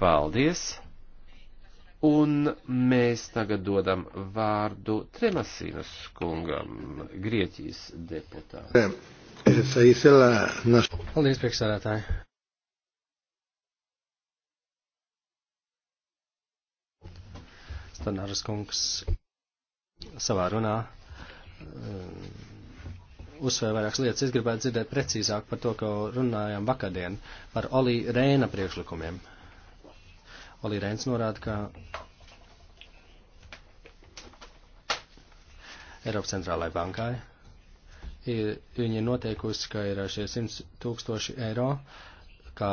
Paldies! Un mēs tagad dodam vārdu Tremasīnas kungam, Grieķijas deputātam. Paldies, priekšsādātāji! Stanāras kungs savā runā Um, uzsvēra vairākas lietas. Es gribētu dzirdēt precīzāk par to, ko runājām vakardien par Olī Rēna priekšlikumiem. Olī Rēns norāda, ka Eiropas centrālajai bankai ir, viņi ir noteikusi, ka ir šie 100 tūkstoši eiro kā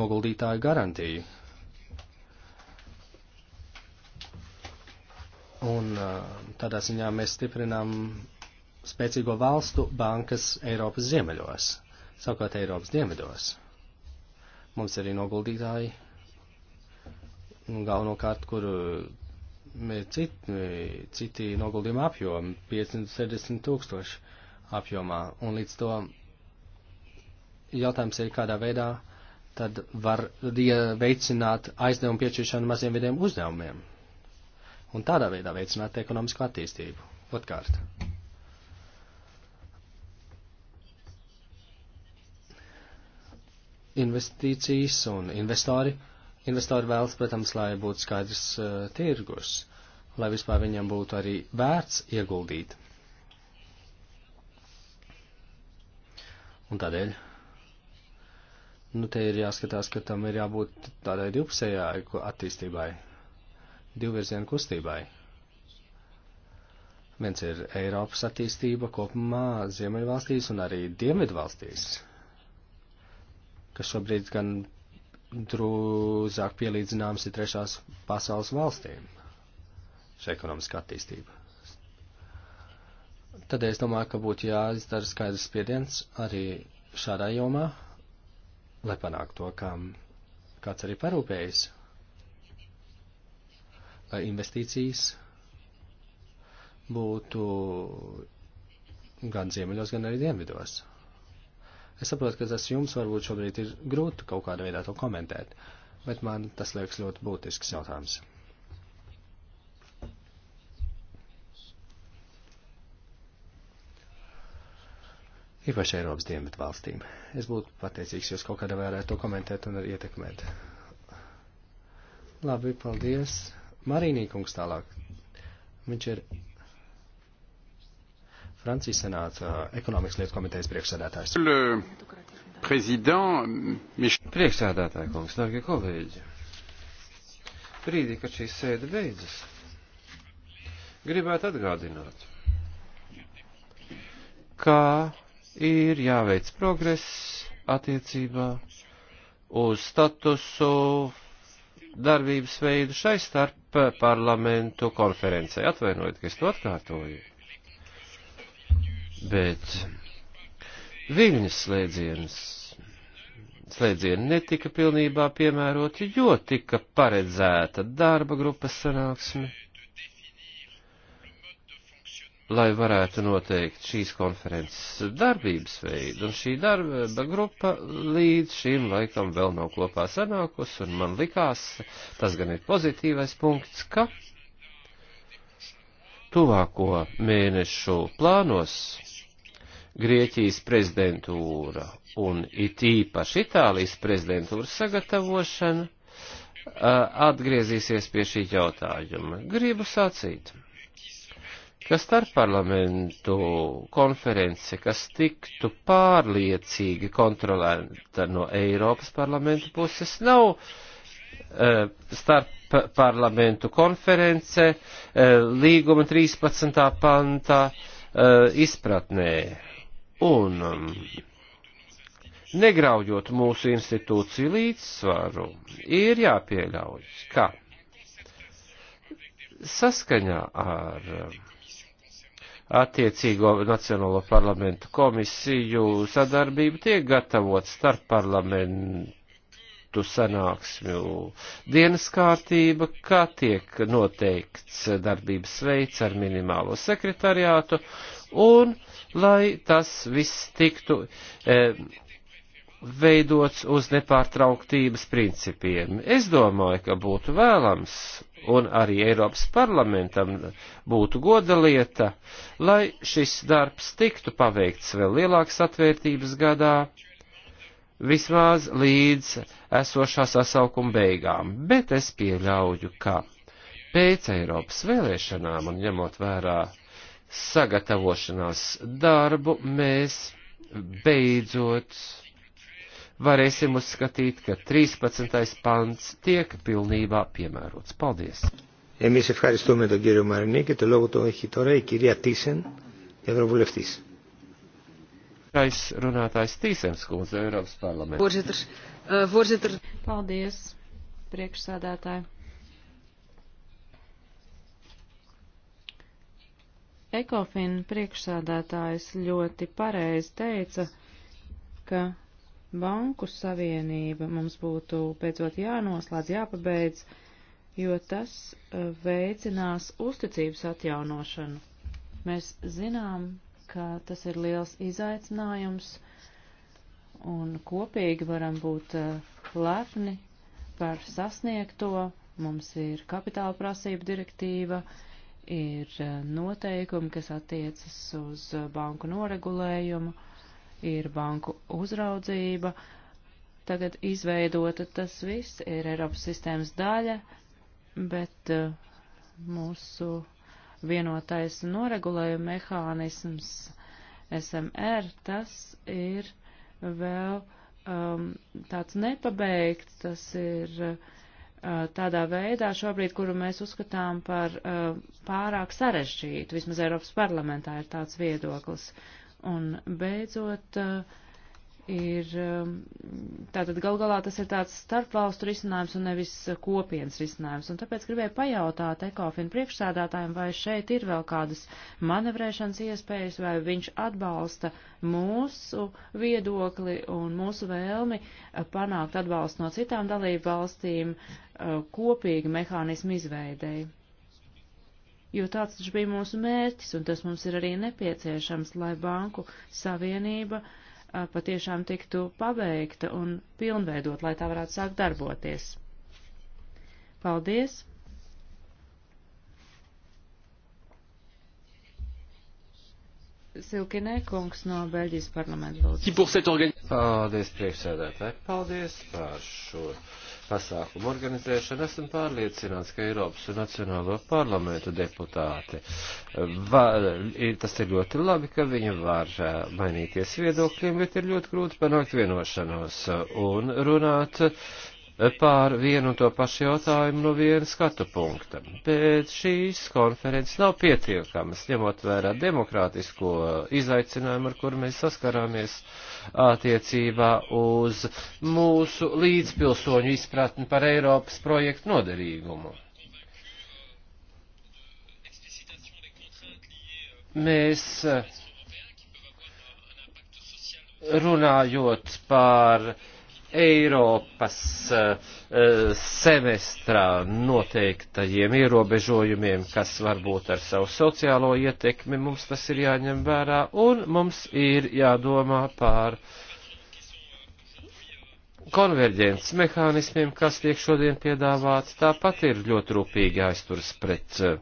noguldītāju garantija Un uh, tādā ziņā mēs stiprinām spēcīgo valstu bankas Eiropas ziemeļos, savukārt Eiropas dienvidos. Mums arī noguldītāji, galvenokārt, kur uh, citi, uh, citi noguldījuma apjomi - 570 tūkstoši apjomā. Un līdz to jautājums ir, kādā veidā tad var veicināt aizdevumu piešķiršanu maziem vidiem uzdevumiem un tādā veidā veicināt ekonomisko attīstību. Otkārt. Investīcijas un investori. Investori vēlas, protams, lai būtu skaidrs uh, tirgus, lai vispār viņam būtu arī vērts ieguldīt. Un tādēļ nu, te ir jāskatās, ka tam ir jābūt tādai divpusējai attīstībai divvirzienu kustībai. Viens ir Eiropas attīstība kopumā Ziemeļvalstīs un arī Dienvidvalstīs, kas šobrīd gan drūzāk pielīdzināms ir trešās pasaules valstīm šī ekonomiskā attīstība. Tad es domāju, ka būtu jāizdara skaidrs spiediens arī šādā jomā, lai panāktu to, kam kāds arī parūpējas Eh, investīcijas būtu gan ziemeļos, gan arī dienvidos. Es saprotu, ka tas jums varbūt šobrīd ir grūti kaut kādā veidā to komentēt, bet man tas liekas ļoti būtisks jautājums. Īpaši Eiropas dienvidu valstīm. Es būtu pateicīgs, jūs kaut kādā veidā to komentēt un arī ietekmēt. Labi, paldies. Marīnīkungs tālāk. Viņš ir Francijas senāta ekonomikas lietu komitejas priekšsēdētājs. Priekšsēdētāja kungs, dārgie kolēģi, brīdī, kad šī sēde beidzas, gribētu atgādināt, kā ir jāveic progress attiecībā uz statusu darbības veidu šai starp parlamentu konferencē. Atvainojiet, ka es to atkārtoju. Bet Viļņas slēdziens slēdzieni netika pilnībā piemēroti, jo tika paredzēta darba grupas sanāksme lai varētu noteikt šīs konferences darbības veidu, un šī darba grupa līdz šim laikam vēl nav kopā sanākus, un man likās, tas gan ir pozitīvais punkts, ka tuvāko mēnešu plānos Grieķijas prezidentūra un it īpaši Itālijas prezidentūras sagatavošana atgriezīsies pie šī jautājuma. Gribu sacīt ka starpparlamentu konference, kas tiktu pārliecīgi kontrolēta no Eiropas parlamenta puses, nav uh, e, starp parlamentu konference uh, līguma 13. pantā uh, izpratnē. Un um, negraujot mūsu institūciju līdzsvaru, ir jāpieļauj, ka saskaņā ar um, attiecīgo Nacionālo parlamentu komisiju sadarbību tiek gatavot starp parlamentu sanāksmju dienas kārtība, kā tiek noteikts darbības veids ar minimālo sekretariātu un lai tas viss tiktu. Eh, veidots uz nepārtrauktības principiem. Es domāju, ka būtu vēlams, un arī Eiropas parlamentam būtu goda lieta, lai šis darbs tiktu paveikts vēl lielākas atvērtības gadā, vismaz līdz esošā sasaukuma beigām, bet es pieļauju, ka pēc Eiropas vēlēšanām un ņemot vērā sagatavošanās darbu mēs beidzot varēsim uzskatīt, ka 13. pants tiek pilnībā piemērots. Paldies! Εμείς ευχαριστούμε τον κύριο Μαρινή και το λόγο το έχει τώρα η κυρία Τίσεν, Ευρωβουλευτής.Rais runātājs Tīsens kundze Eiropas parlamentā. Voorzitter, uh, voorzitter. Paldies, priekšsādātāji. Ekofin priekšsādātājs ļoti pareizi teica, ka banku savienība mums būtu pēcot jānoslēdz, jāpabeidz, jo tas e, veicinās uzticības atjaunošanu. Mēs zinām, ka tas ir liels izaicinājums un kopīgi varam būt e, lepni par sasniegto. Mums ir kapitāla prasība direktīva, ir e, noteikumi, kas attiecas uz banku noregulējumu ir banku uzraudzība, tagad izveidota tas viss, ir Eiropas sistēmas daļa, bet eh, mūsu vienotais noregulējuma mehānisms SMR, tas ir vēl um, tāds nepabeigts, tas ir uh, tādā veidā šobrīd, kuru mēs uzskatām par uh, pārāk sarežģītu, vismaz Eiropas parlamentā ir tāds viedoklis. Un beidzot, eh, ir eh, tātad gal galā tas ir tāds starpvalstu risinājums un nevis kopienas risinājums. Un tāpēc gribēju pajautāt Ekofin priekšsādātājiem, vai šeit ir vēl kādas manevrēšanas iespējas, vai viņš atbalsta mūsu viedokli un mūsu vēlmi eh, panākt atbalstu no citām dalību valstīm kopīgi mehānismu izveidēji jo tāds taču bija mūsu mērķis, un tas mums ir arī nepieciešams, lai banku savienība a, patiešām tiktu pabeigta un pilnveidot, lai tā varētu sākt darboties. Paldies! Silkinē kungs no Beļģijas parlamenta. Paldies, priekšsēdētāji! Paldies par šo! pasākumu organizēšanu, esmu pārliecināts, ka Eiropas un Nacionālo parlamentu deputāti, eh, var, tas ir ļoti labi, ka viņi var eh, mainīties viedokļiem, bet ir ļoti grūti panākt vienošanos un runāt eh, pār vienu un to pašu jautājumu no viena skatu punkta. Bet šīs konferences nav pietiekamas, ņemot vērā demokrātisko izaicinājumu, ar kuru mēs saskarāmies. Uh, attiecībā uz mūsu līdzpilsoņu izpratni par Eiropas projektu noderīgumu. Mēs eh, runājot par uh, Eiropas eh, eh, semestrā noteiktajiem ierobežojumiem, kas varbūt ar savu sociālo ietekmi mums tas ir jāņem vērā un mums ir jādomā par uh, konverģents mehānismiem, kas tiek šodien piedāvāts, tāpat ir ļoti rūpīgi aizturas pret eh,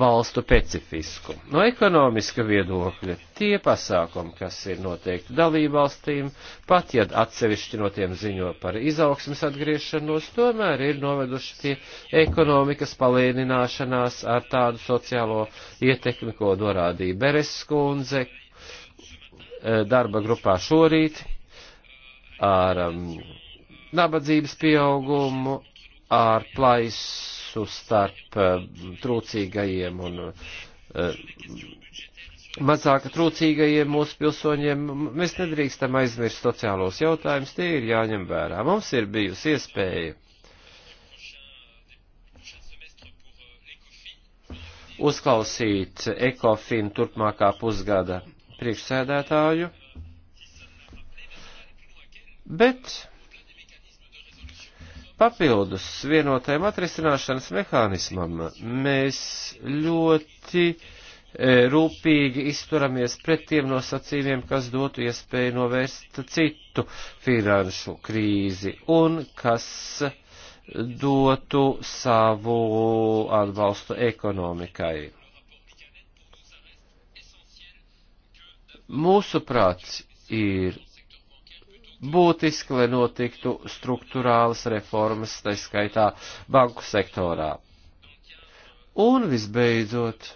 valstu pecifisku. No ekonomiska viedokļa tie pasākumi, kas ir noteikti dalībvalstīm, pat ja atsevišķi no tiem ziņo par izaugsmas atgriešanos, tomēr ir noveduši pie ekonomikas palēnināšanās ar tādu sociālo ietekmi, ko norādīja Beres skundze eh, darba grupā šorīt ar um, nabadzības pieaugumu, ar plaisu starp eh, trūcīgajiem un eh, mazāk trūcīgajiem mūsu pilsoņiem. Mēs nedrīkstam aizmirst sociālos jautājumus, tie ir jāņem vērā. Mums ir bijusi iespēja uzklausīt ECOFIN turpmākā pusgada priekšsēdētāju, bet Papildus vienotajam atrisināšanas mehānismam mēs ļoti e, rūpīgi izturamies pret tiem nosacījumiem, kas dotu iespēju novērst citu finanšu krīzi un kas dotu savu atbalstu ekonomikai. Mūsuprāt, ir būtiski, lai notiktu struktūrālas reformas, tā skaitā banku sektorā. Un visbeidzot,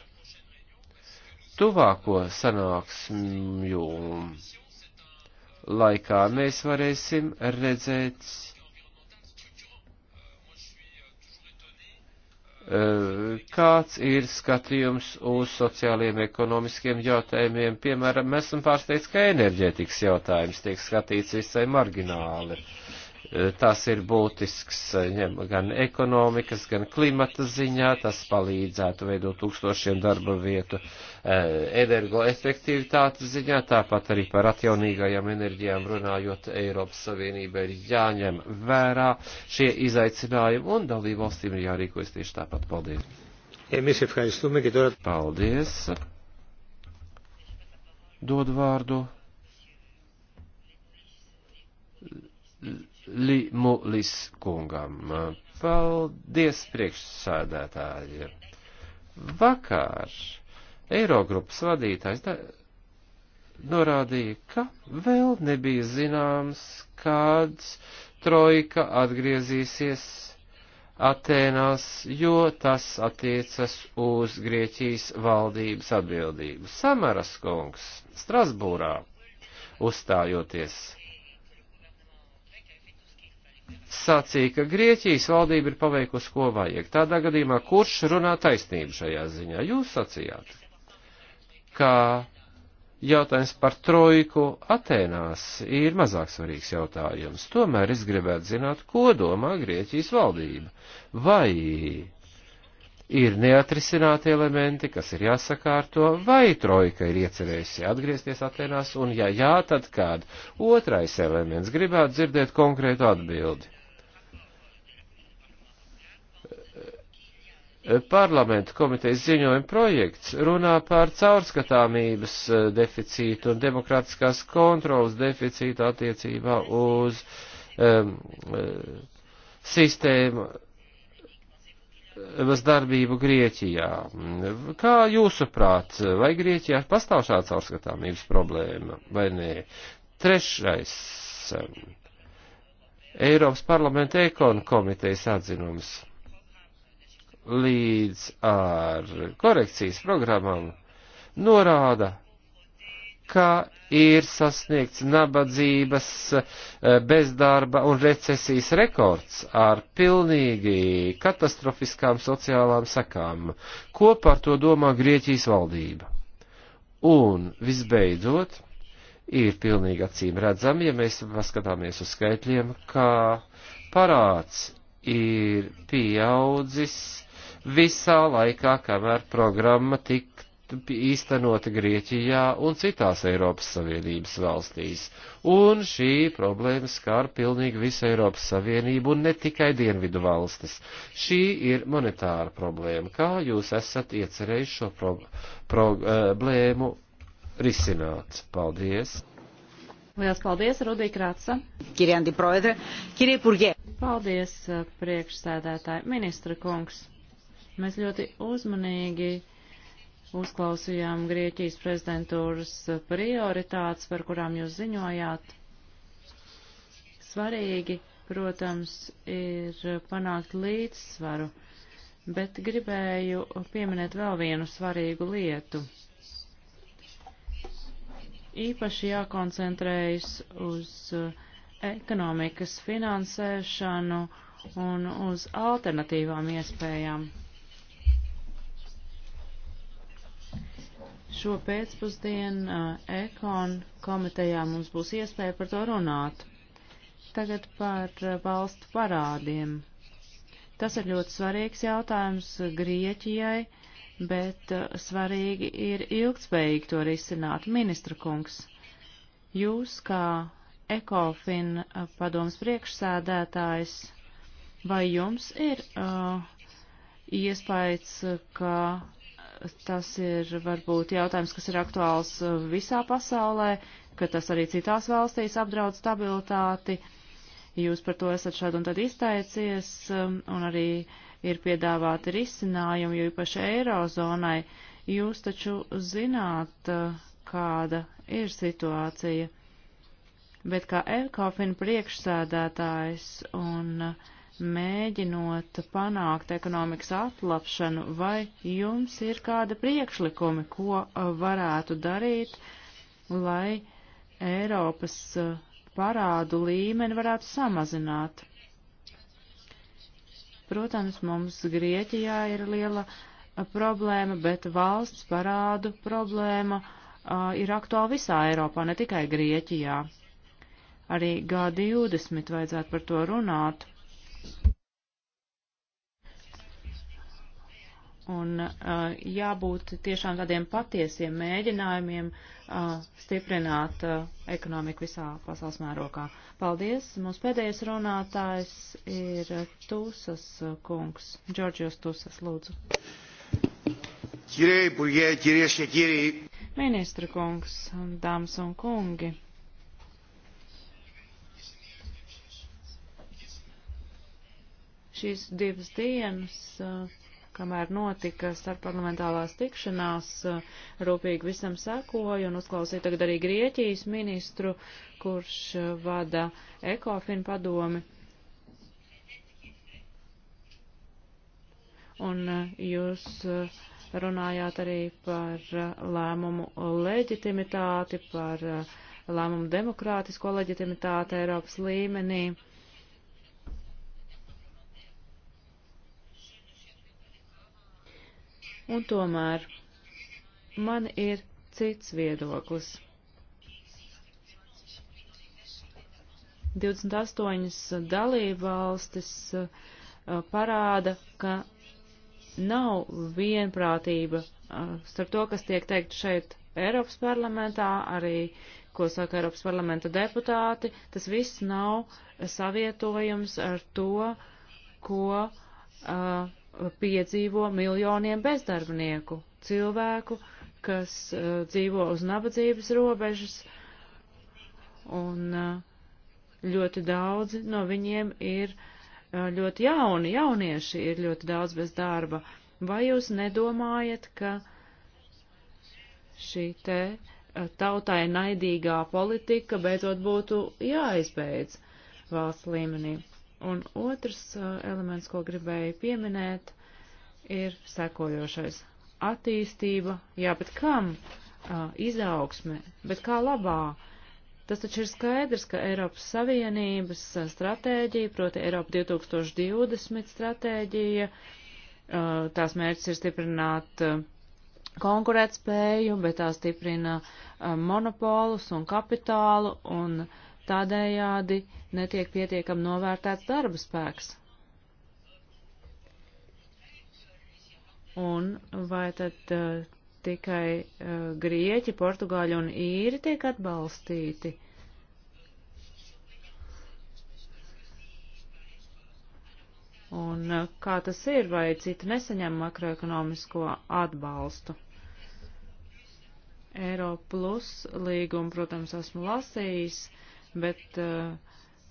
tuvāko sanāksmju laikā mēs varēsim redzēt Eh, kāds ir skatījums uz sociāliem ekonomiskiem jautājumiem. Piemēram, mēs esam pārsteigts, ka enerģētikas jautājums tiek skatīts visai margināli. Uh, Tas ir būtisks eh, gan ekonomikas, gan klimata ziņā. Tas palīdzētu veidot tūkstošiem darba vietu eh, energoefektivitātes ziņā. Tāpat arī par atjaunīgajām enerģijām runājot Eiropas Savienībai ir jāņem vērā šie izaicinājumi un dalību valstīm ir jārīkojas tieši tāpat. Paldies! Paldies! Dod vārdu. Limulis kungam. Paldies priekšsēdētāji. Vakar Eirogrupas vadītājs norādīja, ka vēl nebija zināms, kāds trojka atgriezīsies Atēnās, jo tas attiecas uz Grieķijas valdības atbildību. Samaras kungs Strasbūrā uzstājoties sacīja, ka Grieķijas valdība ir paveikusi, ko vajag. Tādā gadījumā kurš runā taisnību šajā ziņā? Jūs sacījāt, ka jautājums par trojku Atēnās ir mazāk svarīgs jautājums. Tomēr es gribētu zināt, ko domā Grieķijas valdība. Vai ir neatrisināti elementi, kas ir jāsakārto, vai trojka ir iecerējusi atgriezties Atenās, un ja jā, tad kād? Otrais elements gribētu dzirdēt konkrētu atbildi. parlamenta komitejas ziņojuma projekts runā par caurskatāmības eh, deficītu un demokrātiskās kontrolas deficītu attiecībā uz um, sistēmu eh, darbību Grieķijā. Kā jūsuprāt, vai Grieķijā pastāv šāds caurskatāmības problēma vai nē? Trešais. Um, Eiropas parlamenta ekonu komitejas atzinums līdz ar korekcijas programmām norāda, ka ir sasniegts nabadzības, eh, bezdarba un recesijas rekords ar pilnīgi katastrofiskām sociālām sekām. Ko par to domā Grieķijas valdība? Un visbeidzot, ir pilnīgi acīm redzami, ja mēs paskatāmies uz skaitļiem, ka parāds ir pieaudzis visā laikā, kamēr programma tik īstenota Grieķijā un citās Eiropas Savienības valstīs. Un šī problēma skār pilnīgi visu Eiropas Savienību un ne tikai Dienvidu valstis. Šī ir monetāra problēma. Kā jūs esat iecerējuši šo pro problēmu eh, risināt? Paldies! Lielas paldies, Rudī Krāca. Kirjandi Proedre, Kirjē Purgē. Paldies, eh, priekšsēdētāji, ministra kungs. Mēs ļoti uzmanīgi uzklausījām Grieķijas prezidentūras prioritātes, par kurām jūs ziņojāt. Svarīgi, protams, ir panākt līdzsvaru, bet gribēju pieminēt vēl vienu svarīgu lietu. Īpaši jākoncentrējas uz ekonomikas finansēšanu un uz alternatīvām iespējām. Šo pēcpusdienu ekon komitejā mums būs iespēja par to runāt. Tagad par valstu parādiem. Tas ir ļoti svarīgs jautājums Grieķijai, bet svarīgi ir ilgspējīgi to risināt. Ministra kungs, jūs kā ECOFIN padomas priekšsēdētājs, vai jums ir uh, iespējas, ka tas ir varbūt jautājums, kas ir aktuāls uh, visā pasaulē, ka tas arī citās valstīs apdraud stabilitāti. Jūs par to esat šādi un tad izteicies, um, un arī ir piedāvāti risinājumi, jo īpaši Eirozonai. Jūs taču zināt, uh, kāda ir situācija. Bet kā Ekofina priekšsēdētājs un uh, mēģinot panākt ekonomikas atlapšanu, vai jums ir kāda priekšlikumi, ko varētu darīt, lai Eiropas parādu līmeni varētu samazināt? Protams, mums Grieķijā ir liela problēma, bet valsts parādu problēma uh, ir aktuāla visā Eiropā, ne tikai Grieķijā. Arī G20 vajadzētu par to runāt Un uh, jābūt tiešām tādiem patiesiem mēģinājumiem uh, stiprināt uh, ekonomiku visā pasaules mērokā. Paldies! Mūsu pēdējais runātājs ir Tūsas uh, kungs. Džordžos Tūsas, lūdzu. Kirei, burgie, kirie, Ministra kungs, dāmas un kungi! Šīs divas dienas, kamēr notika starpparlamentālās tikšanās, rūpīgi visam sekoju un uzklausīju tagad arī Grieķijas ministru, kurš vada Ekofin padomi. un jūs runājāt arī par lēmumu leģitimitāti, par lēmumu demokrātisko leģitimitāti Eiropas līmenī. un tomēr man ir cits viedoklis. 28 dalībvalstis uh, parāda, ka nav vienprātība uh, starp to, kas tiek teikt šeit Eiropas parlamentā, arī, ko saka Eiropas parlamenta deputāti. Tas viss nav savietojums ar to, ko uh, piedzīvo miljoniem bezdarbnieku, cilvēku, kas uh, dzīvo uz nabadzības robežas, un uh, ļoti daudzi no viņiem ir uh, ļoti jauni, jaunieši ir ļoti daudz bez darba. Vai jūs nedomājat, ka šī te uh, tautai naidīgā politika beidzot būtu jāizbeidz valsts līmenī? Un otrs uh, elements, ko gribēju pieminēt, ir sekojošais. Attīstība, jā, bet kam? Uh, izaugsme, bet kā labā? Tas taču ir skaidrs, ka Eiropas Savienības uh, stratēģija, proti Eiropa 2020 stratēģija, tās mērķis ir stiprināt konkurētspēju, bet tā stiprina monopolus un kapitālu, un Tādējādi netiek pietiekam novērtēts darba spēks. Un vai tad uh, tikai uh, grieķi, portugāļi un īri tiek atbalstīti? Un uh, kā tas ir, vai citi nesaņem makroekonomisko atbalstu? Eiro plus līgumu, protams, esmu lasījis. Uh, bet uh,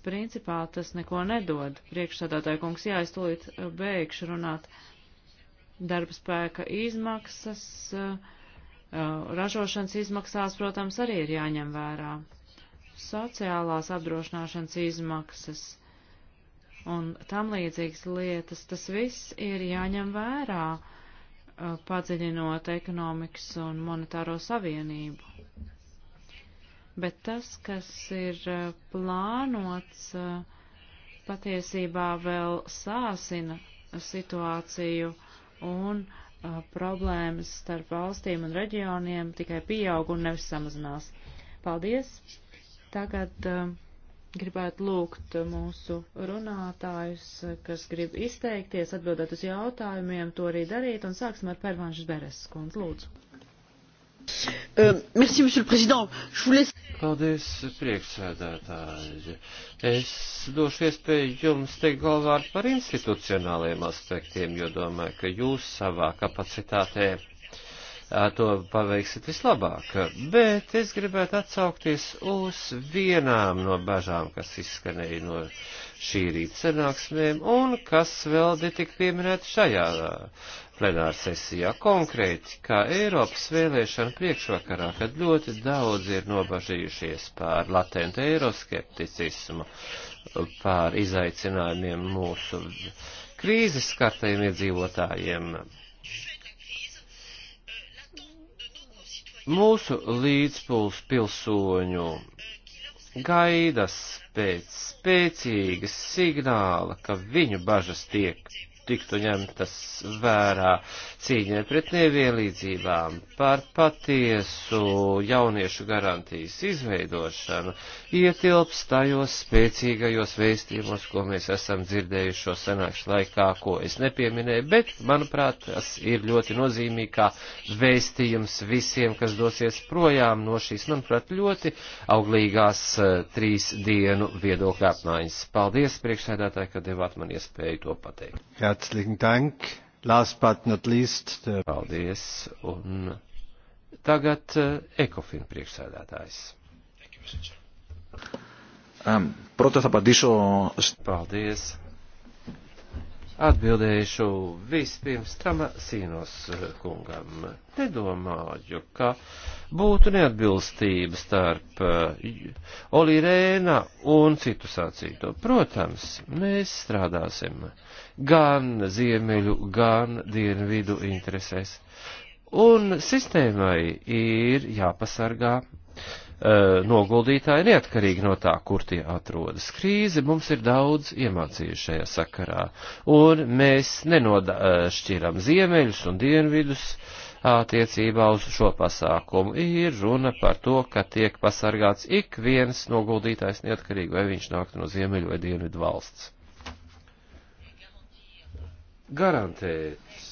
principā tas neko nedod. Priekšsādātāja kungs, jā, es tūlīt eh, beigšu runāt. Darba spēka izmaksas, eh, ražošanas izmaksās, protams, arī ir jāņem vērā. Sociālās apdrošināšanas izmaksas un tam līdzīgas lietas, tas viss ir jāņem vērā, padziļinot ekonomikas un monetāro savienību bet tas, kas ir plānots, patiesībā vēl sāsina situāciju un uh, problēmas starp valstīm un reģioniem tikai pieaug un nevis samazinās. Paldies! Tagad uh, gribētu lūgt mūsu runātājus, kas grib izteikties, atbildēt uz jautājumiem, to arī darīt, un sāksim ar Pervanšu Beres kundz, lūdzu. Uh, merci, monsieur le président. Je vous laisse... Paldies, priekšsēdētāji. Es došu iespēju jums teikt galvā par institucionālajiem aspektiem, jo domāju, ka jūs savā kapacitātē to paveiksit vislabāk. Bet es gribētu atsaukties uz vienām no bažām, kas izskanēja no šī rīta sanāksmēm un kas vēl netika pieminēta šajā uh, plenāra sesijā konkrēti, kā Eiropas vēlēšana priekšvakarā, kad ļoti daudz ir nobažījušies pār latentu eiroskepticismu, pār izaicinājumiem mūsu krīzes skartajiem iedzīvotājiem. Mūsu līdzpuls pilsoņu gaidas pēc spēcīga signāla, ka viņu bažas tiek tiktu ņemtas vērā cīņai pret nevienlīdzībām, par patiesu jauniešu garantijas izveidošanu, ietilps tajos spēcīgajos vēstījumos, ko mēs esam dzirdējuši šo sanākšu laikā, ko es nepieminēju, bet, manuprāt, tas ir ļoti nozīmīgi kā vēstījums visiem, kas dosies projām no šīs, manuprāt, ļoti auglīgās eh, trīs dienu viedokļa apmaiņas. Paldies, priekšsēdētāji, ka devāt man iespēju to pateikt. Jā, Herzlichen Dank. Last but not least. The... Paldies. Un tagad uh, eh, Ekofin priekšsēdētājs. Um, Protams, apādīšu. Paldies. Atbildēšu vispirms Tamasīnos eh, kungam. Nedomāju, ka būtu neatbilstība starp eh, Olirēna un citu sacīto. Protams, mēs strādāsim gan ziemeļu, gan dienvidu interesēs. Un sistēmai ir jāpasargā Eh, noguldītāji neatkarīgi no tā, kur tie atrodas. Krīze mums ir daudz iemācījuši šajā sakarā, un mēs nenošķiram eh, ziemeļus un dienvidus attiecībā uz šo pasākumu. Ir runa par to, ka tiek pasargāts ik viens noguldītājs neatkarīgi, vai viņš nāk no ziemeļu vai dienvidu valsts. Garantēts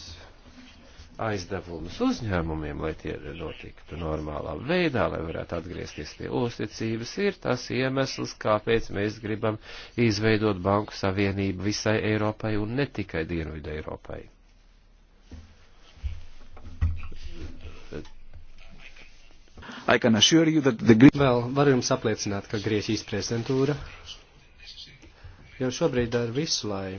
aizdevumus uzņēmumiem, lai tie notiktu normālā veidā, lai varētu atgriezties pie uzticības, ir tas iemesls, kāpēc mēs gribam izveidot Banku Savienību visai Eiropai un ne tikai Dienvidu Eiropai. The... Vēl varu jums apliecināt, ka Grieķijas prezidentūra jau šobrīd dara visu, lai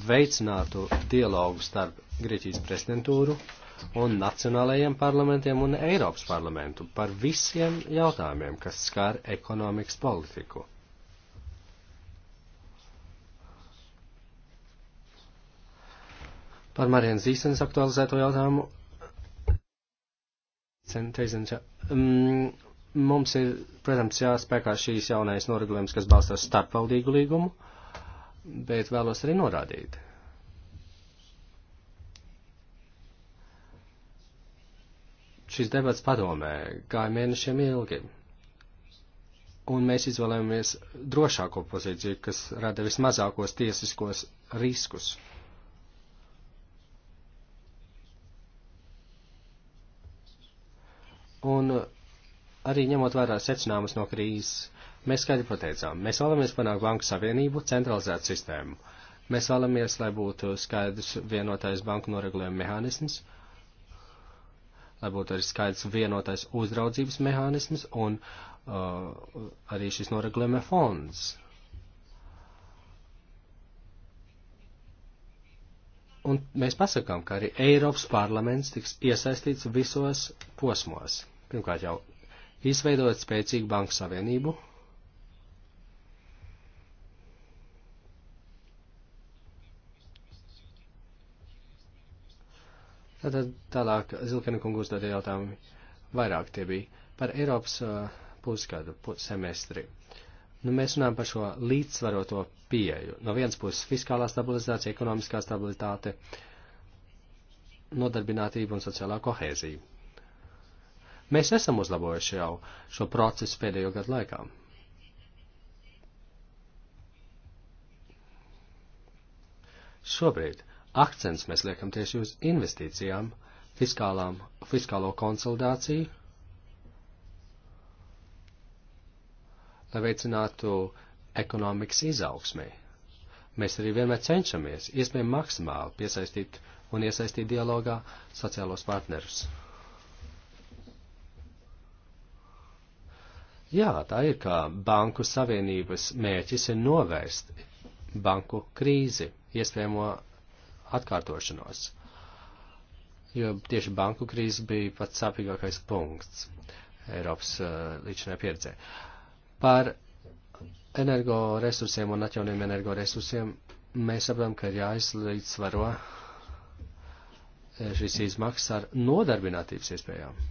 veicinātu dialogu starp Grieķijas prezidentūru un nacionālajiem parlamentiem un Eiropas parlamentu par visiem jautājumiem, kas skar ekonomikas politiku. Par Marijas Zīsenes aktualizēto jautājumu. Mm, mums ir, protams, jāspēkā šīs jaunais noregulējums, kas balstās starpvaldīgu līgumu bet vēlos arī norādīt. Šis debats padomē gāja mēnešiem ilgi, un mēs izvēlējāmies drošāko pozīciju, kas rada vismazākos tiesiskos riskus. Un arī ņemot vērā secinājumus no krīzes, Mēs skaidri pateicām, mēs vēlamies panākt banku savienību, centralizētu sistēmu. Mēs vēlamies, lai būtu skaidrs vienotais banku noregulējuma mehānisms, lai būtu arī skaidrs vienotais uzraudzības mehānisms un uh, arī šis noregulējuma fonds. Un mēs pasakām, ka arī Eiropas parlaments tiks iesaistīts visos posmos. Pirmkārt jau izveidot spēcīgu banku savienību, Tātad tālāk Zilkana kungus dod jautājumu, vairāk tie bija, par Eiropas uh, pusgadu semestri. Nu, mēs runājam par šo līdzsvaroto pieeju. No vienas puses fiskālā stabilizācija, ekonomiskā stabilitāte, nodarbinātība un sociālā kohēzija. Mēs esam uzlabojuši jau šo procesu pēdējo gadu laikā. Šobrīd akcents mēs liekam tieši uz investīcijām, fiskālām, fiskālo konsolidāciju, lai veicinātu ekonomikas izaugsmī. Mēs arī vienmēr cenšamies, iespējami maksimāli piesaistīt un iesaistīt dialogā sociālos partnerus. Jā, tā ir, ka banku savienības mērķis ir novērst banku krīzi, iespējamo atkārtošanos. Jo tieši banku krīze bija pats sāpīgākais punkts Eiropas uh, līdzinē pieredzē. Par energoresursiem un atjauniem energoresursiem mēs saprotam, ka ir jāizlīdzsvaro uh, šīs izmaksas ar nodarbinātības iespējām.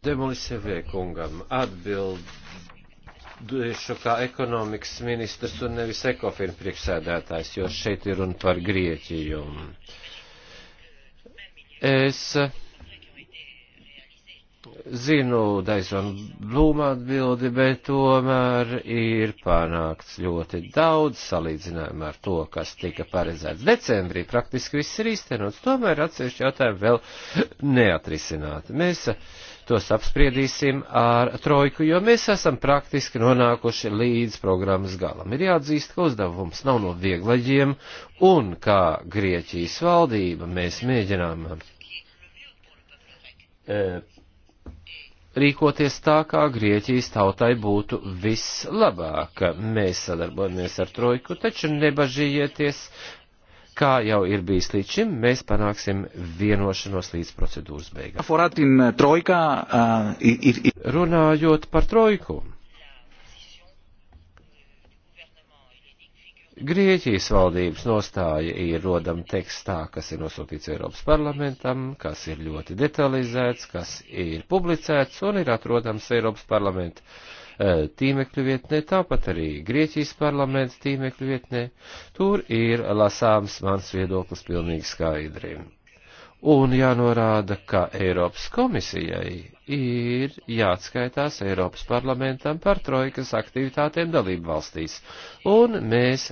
Demolisevē kungam atbildēšu kā ekonomikas ministrs un nevis ekofina priekšsēdētājs, jo šeit ir runa par Grieķiju. Es zinu Daisona Blūma atbildi, bet tomēr ir panākts ļoti daudz salīdzinājumā ar to, kas tika paredzēts decembrī. Praktiski viss ir īstenots, tomēr atsevišķi jautājumi vēl neatrisināti. Mēs uh, tos apspriedīsim ar trojku, jo mēs esam praktiski nonākuši līdz programmas galam. Ir jāatzīst, ka uzdevums nav no vieglaģiem, un kā Grieķijas valdība mēs mēģinām e, rīkoties tā, kā Grieķijas tautai būtu vislabāk. Mēs sadarbojamies ar trojku, taču nebažījieties, kā jau ir bijis līdz šim, mēs panāksim vienošanos līdz procedūras beigām. Eh, eh, Runājot par trojku. Grieķijas valdības nostāja ir rodama tekstā, kas ir nosūtīts Eiropas parlamentam, kas ir ļoti detalizēts, kas ir publicēts un ir atrodams Eiropas parlamentam Eh, tīmekļu vietnē, tāpat arī Grieķijas parlamenta tīmekļu vietnē. Tur ir lasāms mans viedoklis pilnīgi skaidri. Un jānorāda, ka Eiropas komisijai ir jāatskaitās Eiropas parlamentam par trojkas aktivitātēm dalību valstīs, un mēs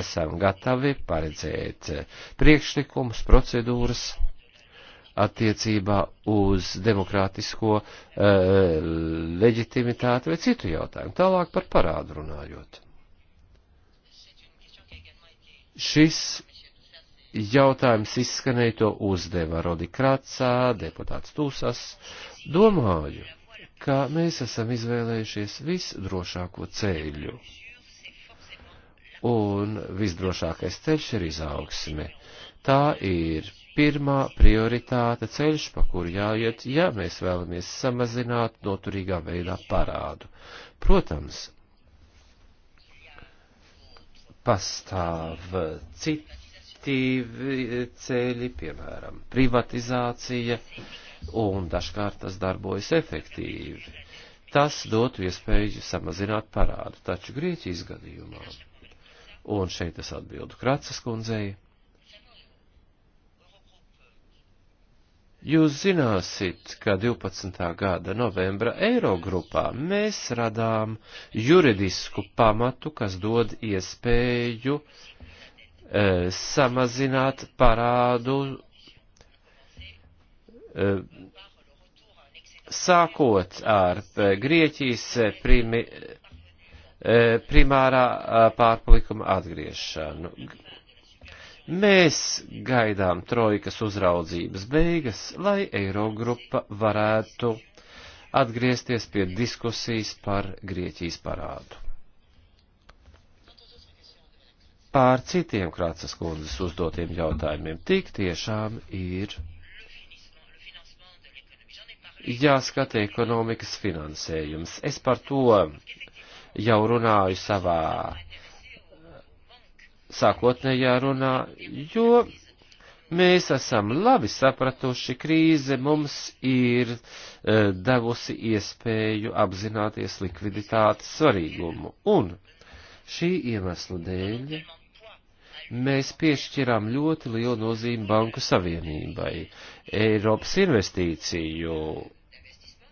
esam gatavi paredzēt priekšlikumus, procedūras attiecībā uz demokrātisko uh, leģitimitāti vai citu jautājumu. Tālāk par parādu runājot. Šis jautājums izskanēja to uzdeva Rodi Kratsā, deputāts Tūsas. Domāju, ka mēs esam izvēlējušies visdrošāko ceļu. Un visdrošākais ceļš ir izaugsme. Tā ir pirmā prioritāte ceļš, pa kuru jāiet, ja mēs vēlamies samazināt noturīgā veidā parādu. Protams, pastāv citi ceļi, piemēram, privatizācija, un dažkārt tas darbojas efektīvi. Tas dotu iespēju samazināt parādu, taču Grieķijas gadījumā. Un šeit es atbildu Kratsas kundzei Jūs zināsit, ka 12. gada novembra Eirogrupā mēs radām juridisku pamatu, kas dod iespēju e, samazināt parādu e, sākot ar e, Grieķijas e, primi, e, primārā e, pārpalikuma atgriešanu Mēs gaidām trojkas uzraudzības beigas, lai Eirogrupa varētu atgriezties pie diskusijas par Grieķijas parādu. Pār citiem Krācas kundzes uzdotiem jautājumiem tik tiešām ir jāskata ekonomikas finansējums. Es par to jau runāju savā sākotnējā runā, jo mēs esam labi sapratuši, krīze mums ir e, devusi iespēju apzināties likviditātes svarīgumu. Un šī iemesla dēļ mēs piešķirām ļoti lielu nozīmi Banku Savienībai, Eiropas investīciju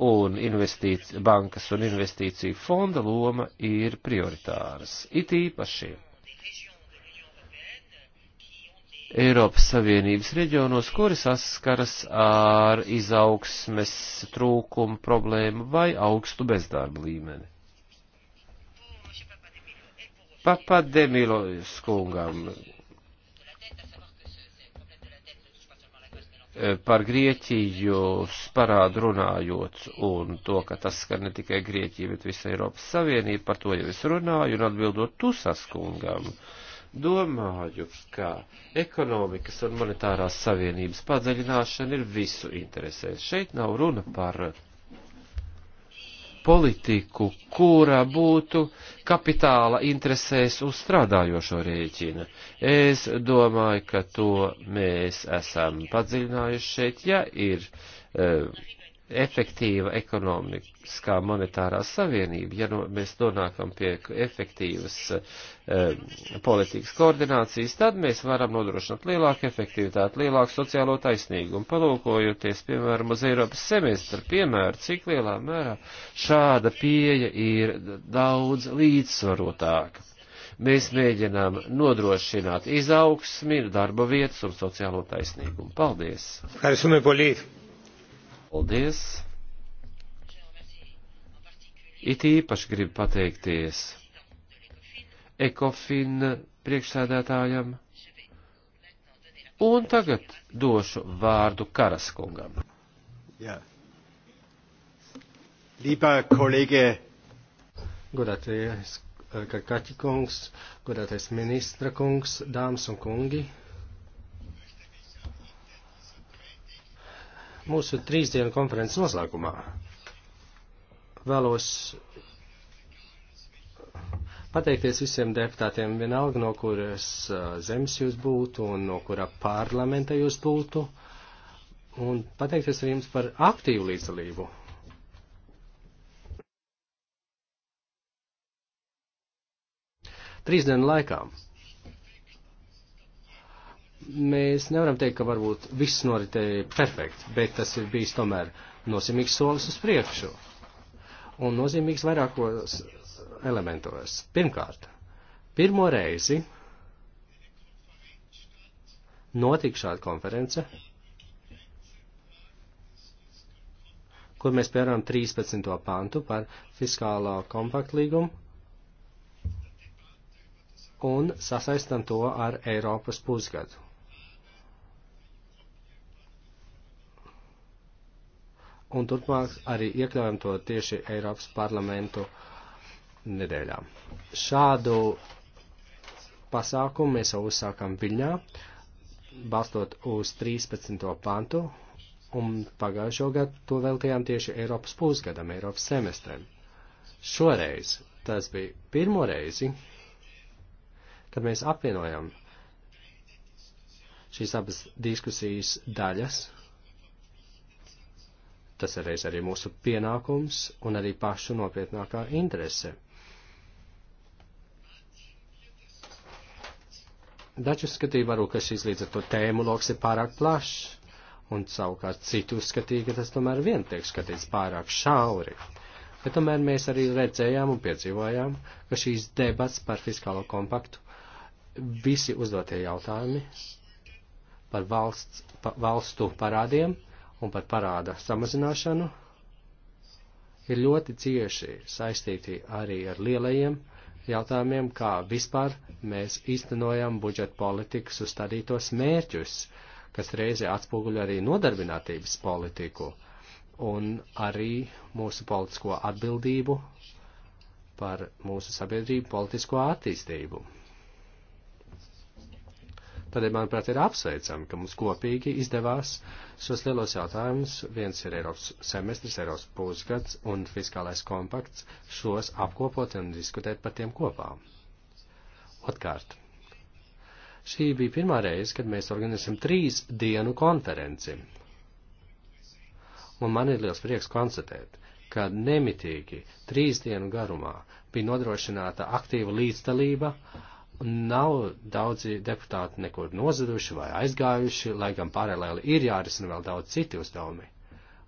un investīci, bankas un investīciju fonda loma ir prioritāras, it īpaši Eiropas Savienības reģionos, kuri saskaras ar izaugsmes trūkumu problēmu vai augstu bezdarba līmeni. Papademilo skungam par Grieķiju parādu runājot un to, ka tas skar ne tikai Grieķiju, bet visu Eiropas Savienību, par to jau es runāju un atbildot Tusas kungam. Uh, Domāju, ka ekonomikas un monetārās savienības padziļināšana ir visu interesēs. Šeit nav runa par politiku, kura būtu kapitāla interesēs uz strādājošo rēķina. Es domāju, ka to mēs esam padziļinājuši šeit, ja ir. Uh, efektīva ekonomiskā monetārā savienība, ja no, mēs nonākam pie efektīvas e, politikas koordinācijas, tad mēs varam nodrošināt lielāku efektivitāti, lielāku sociālo taisnīgumu. Palūkojoties, piemēram, uz Eiropas semestra piemēru, cik lielā mērā šāda pieeja ir daudz līdzsvarotāka. Mēs mēģinām nodrošināt izaugsmi, darba vietas un sociālo taisnīgumu. Paldies! Karisumi, Paldies! It īpaši gribu pateikties Ekofin priekšsēdētājam. Un tagad došu vārdu Karaskungam. Jā. Lībā kolēģe. Godātais eh, Karkaķi kungs, godātais ministra kungs, dāmas un kungi. mūsu trīsdienu konferences noslēgumā vēlos pateikties visiem deputātiem, vienalga no kuras zemes jūs būtu un no kurā parlamenta jūs būtu, un pateikties arī jums par aktīvu līdzdalību. Trīs dienu laikām mēs nevaram teikt, ka varbūt viss noritēja perfekti, bet tas ir bijis tomēr nozīmīgs solis uz priekšu. Un nozīmīgs vairākos elementos. Pirmkārt, pirmo reizi notika šāda konference, kur mēs pērām 13. pantu par fiskālā kompaktu līgumu un sasaistam to ar Eiropas pusgadu. un turpmāk arī iekļaujam to tieši Eiropas parlamentu nedēļā. Šādu pasākumu mēs jau uzsākam Viļņā, balstot uz 13. pantu, un pagājušo gadu to veltījām tieši Eiropas pusgadam, Eiropas semestrem. Šoreiz tas bija pirmo reizi, kad mēs apvienojam šīs abas diskusijas daļas Tas ir reiz arī mūsu pienākums un arī pašu nopietnākā interese. Daži skatīja varbūt, ka šis līdz ar to tēmu loks ir pārāk plašs, un savukārt citu skatīja, ka tas tomēr vien tiek skatīts pārāk šauri. Bet tomēr mēs arī redzējām un piedzīvojām, ka šīs debats par fiskālo kompaktu, visi uzdotie jautājumi par valsts, pa, valstu parādiem un pat parāda samazināšanu ir ļoti cieši saistīti arī ar lielajiem jautājumiem, kā vispār mēs īstenojam budžeta politikas uzstādītos mērķus, kas reizi atspoguļo arī nodarbinātības politiku un arī mūsu politisko atbildību par mūsu sabiedrību politisko attīstību. Tādēļ, manuprāt, ir apsveicami, ka mums kopīgi izdevās šos lielos jautājumus. Viens ir Eiropas semestris, Eiropas pusgads un fiskālais kompakts, šos apkopot un diskutēt par tiem kopā. Otkārt, šī bija pirmā reize, kad mēs organizēsim trīs dienu konferenci. Un man ir liels prieks konstatēt, ka nemitīgi trīs dienu garumā bija nodrošināta aktīva līdzdalība nav daudzi deputāti nekur nozaduši vai aizgājuši, lai gan paralēli ir jārisina vēl daudz citi uzdevumi.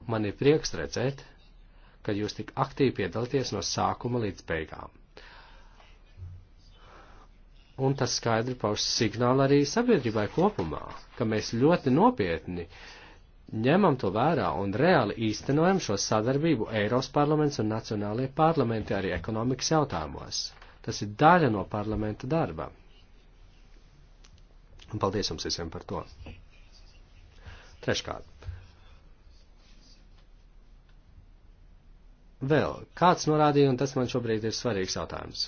Man ir prieks redzēt, ka jūs tik aktīvi piedalāties no sākuma līdz beigām. Un tas skaidri pauž signālu arī sabiedrībai kopumā, ka mēs ļoti nopietni ņemam to vērā un reāli īstenojam šo sadarbību Eiros parlaments un nacionālajie parlamenti arī ekonomikas jautājumos. Tas ir daļa no parlamenta darba. Un paldies jums visiem par to. Treškārt. Vēl kāds norādīja, un tas man šobrīd ir svarīgs jautājums.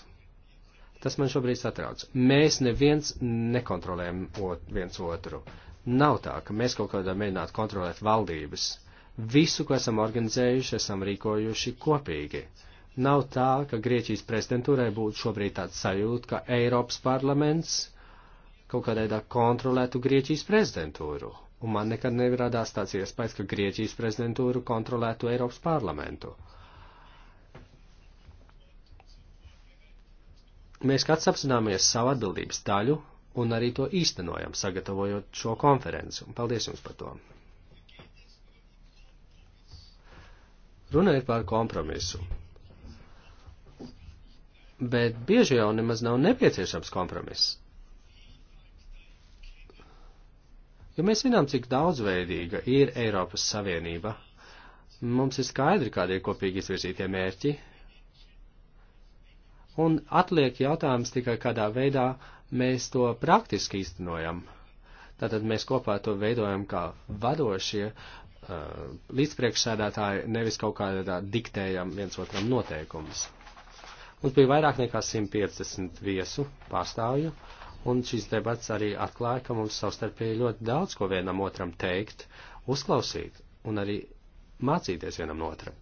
Tas man šobrīd satrauc. Mēs neviens nekontrolējam ot, viens otru. Nav tā, ka mēs kaut kādā mēģinātu kontrolēt valdības. Visu, ko esam organizējuši, esam rīkojuši kopīgi. Uh, Nav tā, ka Grieķijas prezidentūrai būtu šobrīd tāds sajūta, ka Eiropas parlaments kaut kādā veidā kontrolētu Grieķijas prezidentūru. Un man nekad neradās tāds iespējas, ka Grieķijas prezidentūru kontrolētu Eiropas parlamentu. Mēs kāds apzināmies savu atbildības daļu un arī to īstenojam, sagatavojot šo konferenci. Un paldies jums par to! Runa ir par kompromisu bet bieži jau nemaz nav nepieciešams kompromiss. Jo mēs zinām, cik daudzveidīga ir Eiropas Savienība. Mums ir skaidri, kādi ir kopīgi izvirzītie mērķi. Un atliek jautājums tikai, kādā veidā mēs to praktiski īstenojam. Tātad mēs kopā to veidojam kā vadošie uh, līdzpriekšsēdētāji, nevis kaut kādā diktējam viens otram noteikumus. Mums bija vairāk nekā 150 viesu pārstāvju, un šīs debats arī atklāja, ka mums savstarpēji ļoti daudz ko vienam otram teikt, uzklausīt un arī mācīties vienam no otra.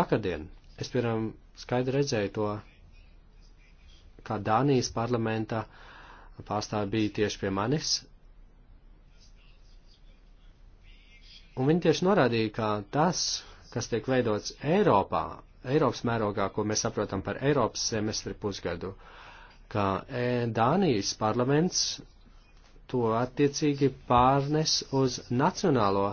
Vakardien es, piemēram, skaidri redzēju to, kā Dānijas parlamenta pārstāvi bija tieši pie manis, un viņi tieši norādīja, ka tas, kas tiek veidots Eiropā, Eiropas mērogā, ko mēs saprotam par Eiropas semestri pusgadu, ka e, Dānijas parlaments to attiecīgi pārnes uz nacionālo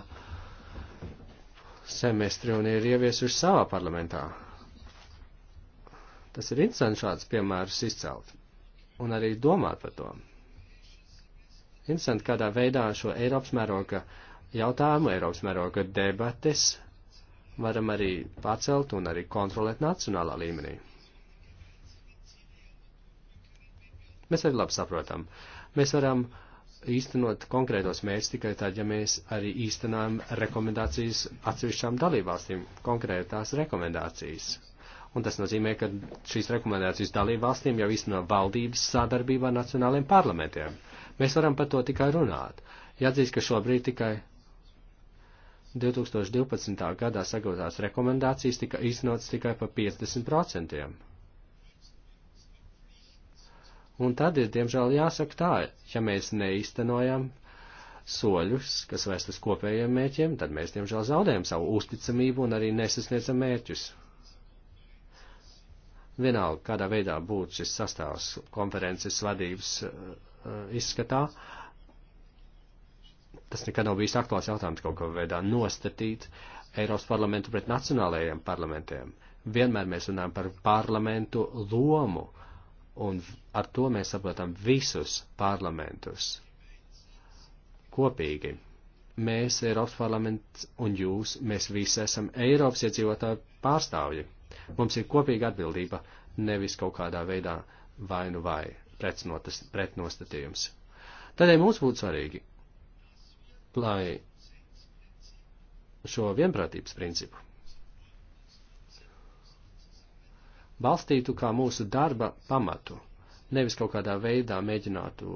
semestri un ir ieviesuši savā parlamentā. Tas ir interesanti šāds piemērus izcelt un arī domāt par to. Interesanti, kādā veidā šo Eiropas mēroga jautājumu, Eiropas mēroga debates varam arī pacelt un arī kontrolēt nacionālā līmenī. Mēs arī labi saprotam. Mēs varam īstenot konkrētos mērķus tikai tad, ja mēs arī īstenojam rekomendācijas atsevišķām dalībvalstīm, konkrētās rekomendācijas. Un tas nozīmē, ka šīs rekomendācijas dalībvalstīm jau īsteno valdības sadarbībā ar nacionāliem parlamentiem. Mēs varam par to tikai runāt. Jāatzīst, ka šobrīd tikai 2012. gadā sagatavotās rekomendācijas tika īstenotas tikai pa 50%. Un tad ir, diemžēl, jāsaka tā, ja mēs neīstenojam soļus, kas vēst uz kopējiem mērķiem, tad mēs, diemžēl, zaudējam savu uzticamību un arī nesasniedzam mērķus. Vienalga, kādā veidā būtu šis sastāvs konferences vadības uh, izskatā, uh, tas nekad nav bijis aktuāls jautājums kaut kādā veidā nostatīt Eiropas parlamentu pret nacionālajiem parlamentiem. Vienmēr mēs runājam par parlamentu lomu, un ar to mēs saprotam visus parlamentus. Kopīgi. Mēs, Eiropas parlaments un jūs, mēs visi esam Eiropas iedzīvotāju pārstāvji. Mums ir kopīga atbildība, nevis kaut kādā veidā vainu vai nu pretnostatījums. Tādēļ mums būtu svarīgi lai šo vienprātības principu balstītu kā mūsu darba pamatu, nevis kaut kādā veidā mēģinātu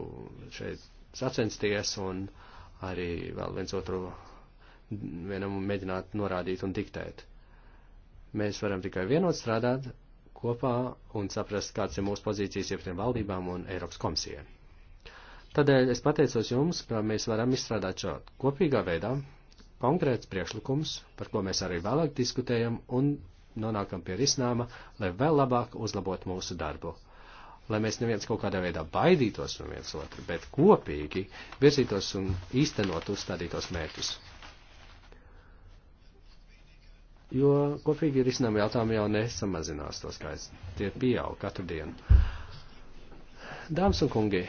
šeit sacensties un arī vēl viens otru vienam mēģināt norādīt un diktēt. Mēs varam tikai vienot strādāt kopā un saprast, kāds ir mūsu pozīcijas iepriekšējām valdībām un Eiropas komisijai. Tādēļ es pateicos jums, ka mēs varam izstrādāt šo kopīgā veidā konkrēts priekšlikums, par ko mēs arī vēlāk diskutējam un nonākam pie risinājuma, lai vēl labāk uzlabot mūsu darbu. Lai mēs neviens kaut kādā veidā baidītos no viens otru, bet kopīgi virzītos un īstenot uzstādītos mērķus. Jo kopīgi risinājumi jautājumi jau nesamazinās to skaits. Tie pieaug katru dienu. Dāmas un kungi,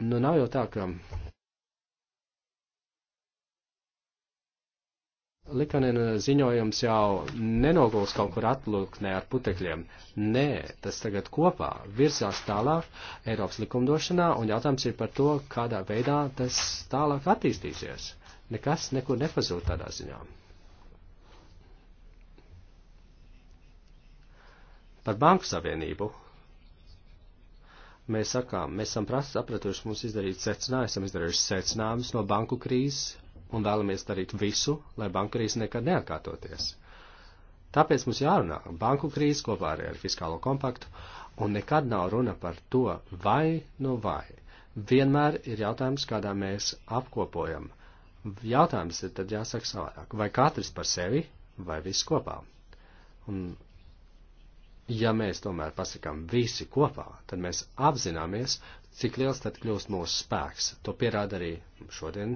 Nu, nav jau tā, ka Likanina ziņojums jau nenoguls kaut kur atlūknē ar putekļiem. Nē, tas tagad kopā virsās tālāk Eiropas likumdošanā, un jautājums ir par to, kādā veidā tas tālāk attīstīsies. Nekas nekur nepazūd tādā ziņā. Par banku savienību Mēs sakām, mēs esam prasa sapratuši, mums izdarīt secinājumus, esam izdarījuši secinājumus no banku krīzes un vēlamies darīt visu, lai banku krīze nekad neatkārtoties. Tāpēc mums jārunā banku krīze kopā arī ar fiskālo kompaktu, un nekad nav runa par to vai nu no vai. Vienmēr ir jautājums, kādā mēs apkopojam. Jautājums ir tad jāsaka savādāk, vai katrs par sevi, vai viss kopā. Un ja mēs tomēr pasakām visi kopā, tad mēs apzināmies, cik liels tad kļūst mūsu spēks. To pierāda arī šodien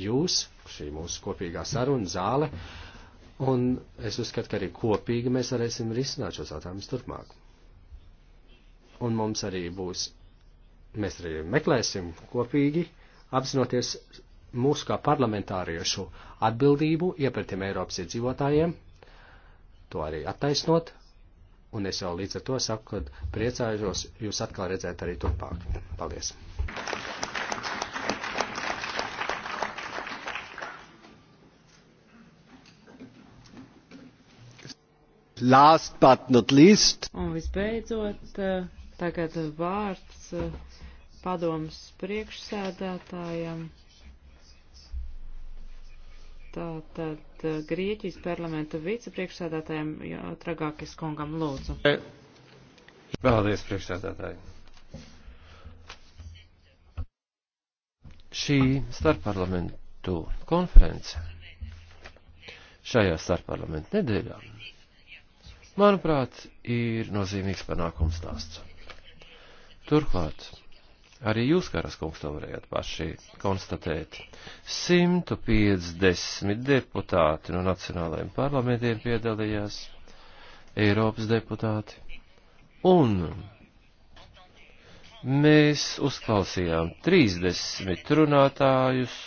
jūs, šī mūsu kopīgā saruna zāle, un es uzskatu, ka arī kopīgi mēs varēsim risināt šos jautājumus turpmāk. Un mums arī būs, mēs arī meklēsim kopīgi, apzinoties mūsu kā parlamentāriešu atbildību iepratiem Eiropas iedzīvotājiem, to arī attaisnot Un es jau līdz ar to saku, ka priecājos jūs atkal redzēt arī turpāk. Paldies! Last but not least. Un visbeidzot, eh, tagad vārds eh, padomas priekšsēdētājam. Tātad eh, Grieķijas parlamenta vicepriekšsēdētājiem Tragākis kungam lūdzu. Eh. Paldies, priekšsēdētāji. Šī starpparlamentu konference šajā starpparlamentu nedēļā, manuprāt, ir nozīmīgs panākums stāsts. Turklāt, Arī jūs, Karaskungs, to varējāt paši konstatēt. 150 deputāti no nacionālajiem parlamentiem piedalījās, Eiropas deputāti, un mēs uzklausījām 30 runātājus,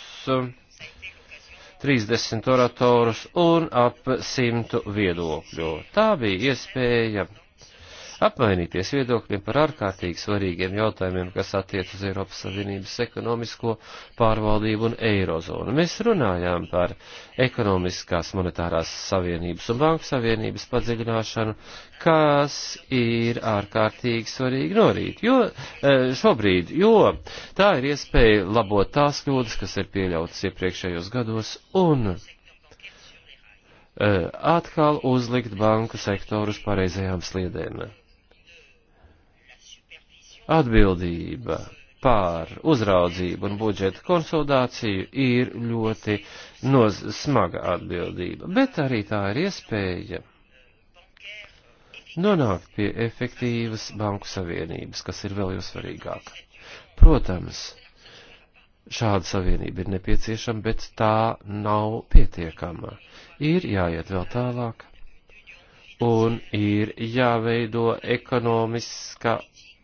30 oratorus un ap 100 viedokļu. Tā bija iespēja apmainīties viedokļiem par ārkārtīgi svarīgiem jautājumiem, kas attiec uz Eiropas Savienības ekonomisko pārvaldību un eirozonu. Mēs runājām par ekonomiskās monetārās savienības un banku savienības padziļināšanu, kas ir ārkārtīgi svarīgi norīt, jo e, šobrīd, jo tā ir iespēja labot tās kļūdas, kas ir pieļautas iepriekšējos gados un e, atkal uzlikt banku sektorus pareizajām sliedēm atbildība pār uzraudzību un budžeta konsolidāciju ir ļoti noz smaga atbildība, bet arī tā ir iespēja nonākt pie efektīvas banku savienības, kas ir vēl jau svarīgāk. Protams, šāda savienība ir nepieciešama, bet tā nav pietiekama. Ir jāiet vēl tālāk un ir jāveido ekonomiska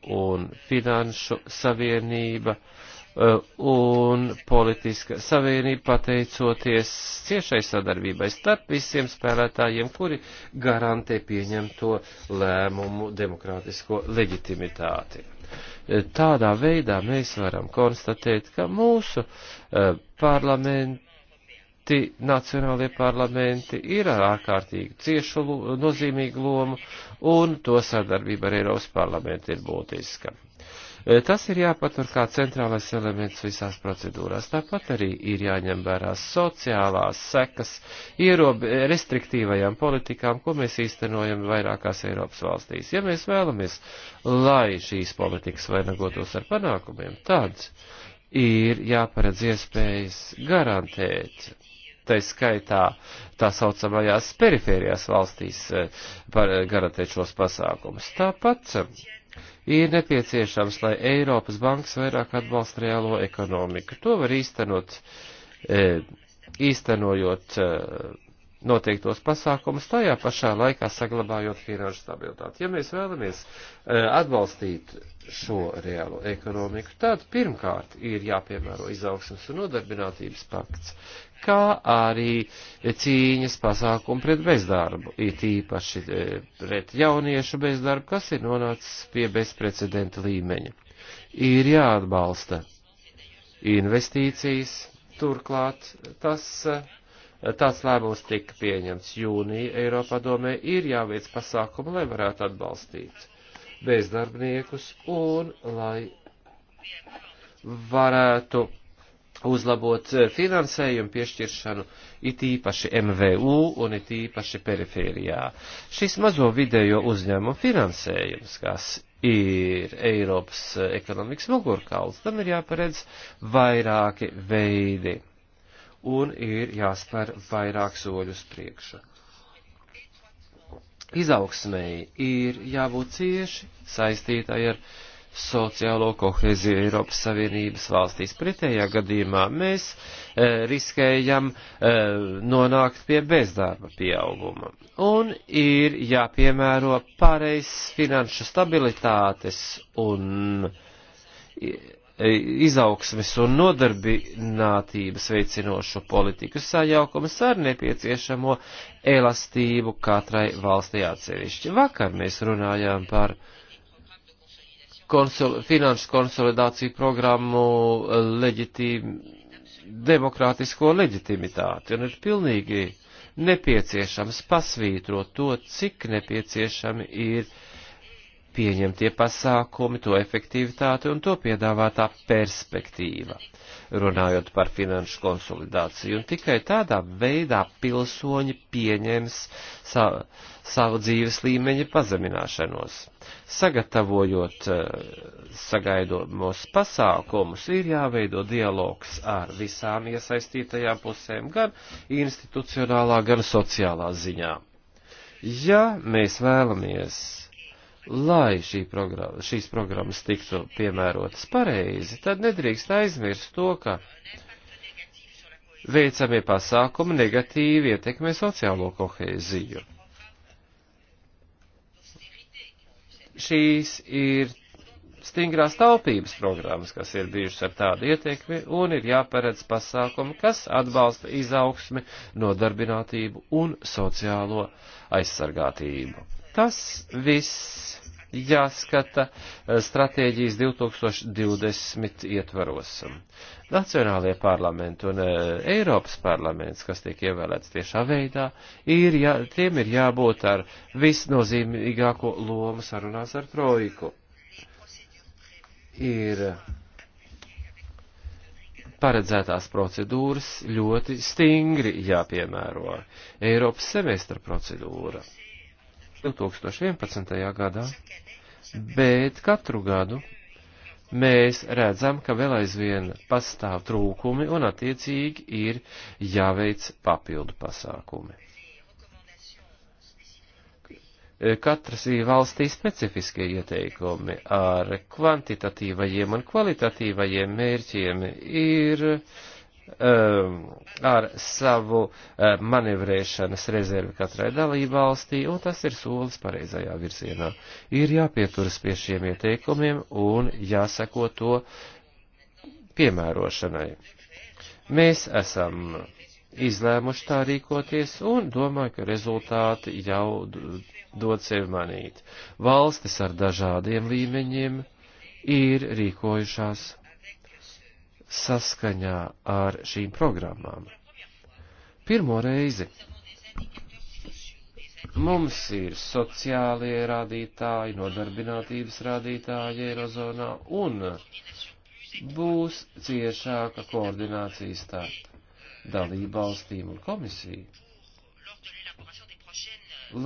un finanšu savienība eh, un politiska savienība pateicoties ciešai sadarbībai starp visiem spēlētājiem, kuri garantē pieņemto lēmumu demokrātisko leģitimitāti. Eh, tādā veidā mēs varam konstatēt, ka mūsu eh, parlament citi nacionālie parlamenti ir ar ārkārtīgi ciešu nozīmīgu lomu, un to sadarbība ar Eiropas parlamentu ir būtiska. E, tas ir jāpatur kā centrālais elements visās procedūrās. Tāpat arī ir jāņem vērā sociālās sekas ierobi, restriktīvajām politikām, ko mēs īstenojam vairākās Eiropas valstīs. Ja mēs vēlamies, lai šīs politikas vainagotos ar panākumiem, tad ir jāparedz iespējas garantēt tai skaitā tā saucamajās perifērijās valstīs eh, par eh, garantēt šos pasākumus. Tāpat eh, ir nepieciešams, lai Eiropas bankas vairāk atbalsta reālo ekonomiku. To var īstenot, īstenojot noteiktos pasākumus, tajā pašā laikā saglabājot finanšu stabilitāti. Ja mēs vēlamies atbalstīt šo reālo ekonomiku, tad pirmkārt ir jāpiemēro izaugsmas un nodarbinātības pakts, kā arī cīņas pasākumu pret bezdarbu, it īpaši e, pret jauniešu bezdarbu, kas ir nonācis pie bezprecedenta līmeņa. Ir jāatbalsta investīcijas, turklāt tas e, Tāds lēmums tika pieņemts jūnija Eiropā domē ir jāveic pasākumu, lai varētu atbalstīt bezdarbniekus un lai varētu uzlabot eh, finansējumu piešķiršanu it īpaši MVU un it īpaši perifērijā. Šis mazo vidējo uzņēmumu finansējums, kas ir Eiropas eh, ekonomikas mugurkauls, tam ir jāparedz vairāki veidi un ir jāspēr vairāk soļus priekšu. Izaugsmēji ir jābūt cieši saistītāji ar sociālo koheziju Eiropas Savienības valstīs. Pretējā gadījumā mēs e, riskējam e, nonākt pie bezdarba pieauguma. Un ir jāpiemēro pareizs finanšu stabilitātes un e, izaugsmes un nodarbinātības veicinošo politiku sajaukums ar nepieciešamo elastību katrai valstī atsevišķi. Vakar mēs runājām par uh, konsol, finanšu konsolidāciju programmu eh, leģitīm, demokrātisko leģitimitāti. Un ir pilnīgi nepieciešams pasvītrot to, cik nepieciešami ir uh, pieņemtie pasākumi, to efektivitāti un to piedāvātā perspektīva, runājot par finanšu konsolidāciju. Un tikai tādā veidā pilsoņi pieņems savu, savu dzīves līmeņa pazemināšanos. Sagatavojot eh, sagaidomos pasākumus, ir jāveido dialogs ar visām iesaistītajām pusēm, gan institucionālā, gan sociālā ziņā. Ja mēs vēlamies lai šī programma, šīs programmas tiktu piemērotas pareizi, tad nedrīkst aizmirst to, ka veicamie pasākumi negatīvi ietekmē sociālo kohēziju. Šīs ir stingrās taupības programmas, kas ir bijušas ar tādu ietekmi, un ir jāparedz pasākumi, kas atbalsta izaugsmi, nodarbinātību un sociālo aizsargātību. Tas viss jāskata eh, stratēģijas 2020 ietvaros. Nacionālajie parlamenti un eh, Eiropas parlaments, kas tiek ievēlēts tiešā veidā, ir, jā, tiem ir jābūt ar visnozīmīgāko lomu sarunās ar Troiku. Ir paredzētās procedūras ļoti stingri jāpiemēro. Eiropas semestra procedūra 2011. gadā, bet katru gadu mēs redzam, ka vēl aizvien pastāv trūkumi un attiecīgi ir jāveic papildu pasākumi. Katras ir valstī specifiskie ieteikumi ar kvantitatīvajiem un kvalitatīvajiem mērķiem ir uh, Um, ar savu uh, manevrēšanas rezervi katrai dalībvalstī, un tas ir solis pareizajā virzienā. Ir jāpieturas pie šiem ieteikumiem un jāseko to piemērošanai. Mēs esam izlēmuši tā rīkoties un domāju, ka rezultāti jau dod sevi manīt. Valstis ar dažādiem līmeņiem ir rīkojušās saskaņā ar šīm programmām. Pirmo reizi Mums ir sociālie rādītāji, nodarbinātības rādītāji Eirozonā un būs ciešāka koordinācija starp dalībvalstīm un komisiju,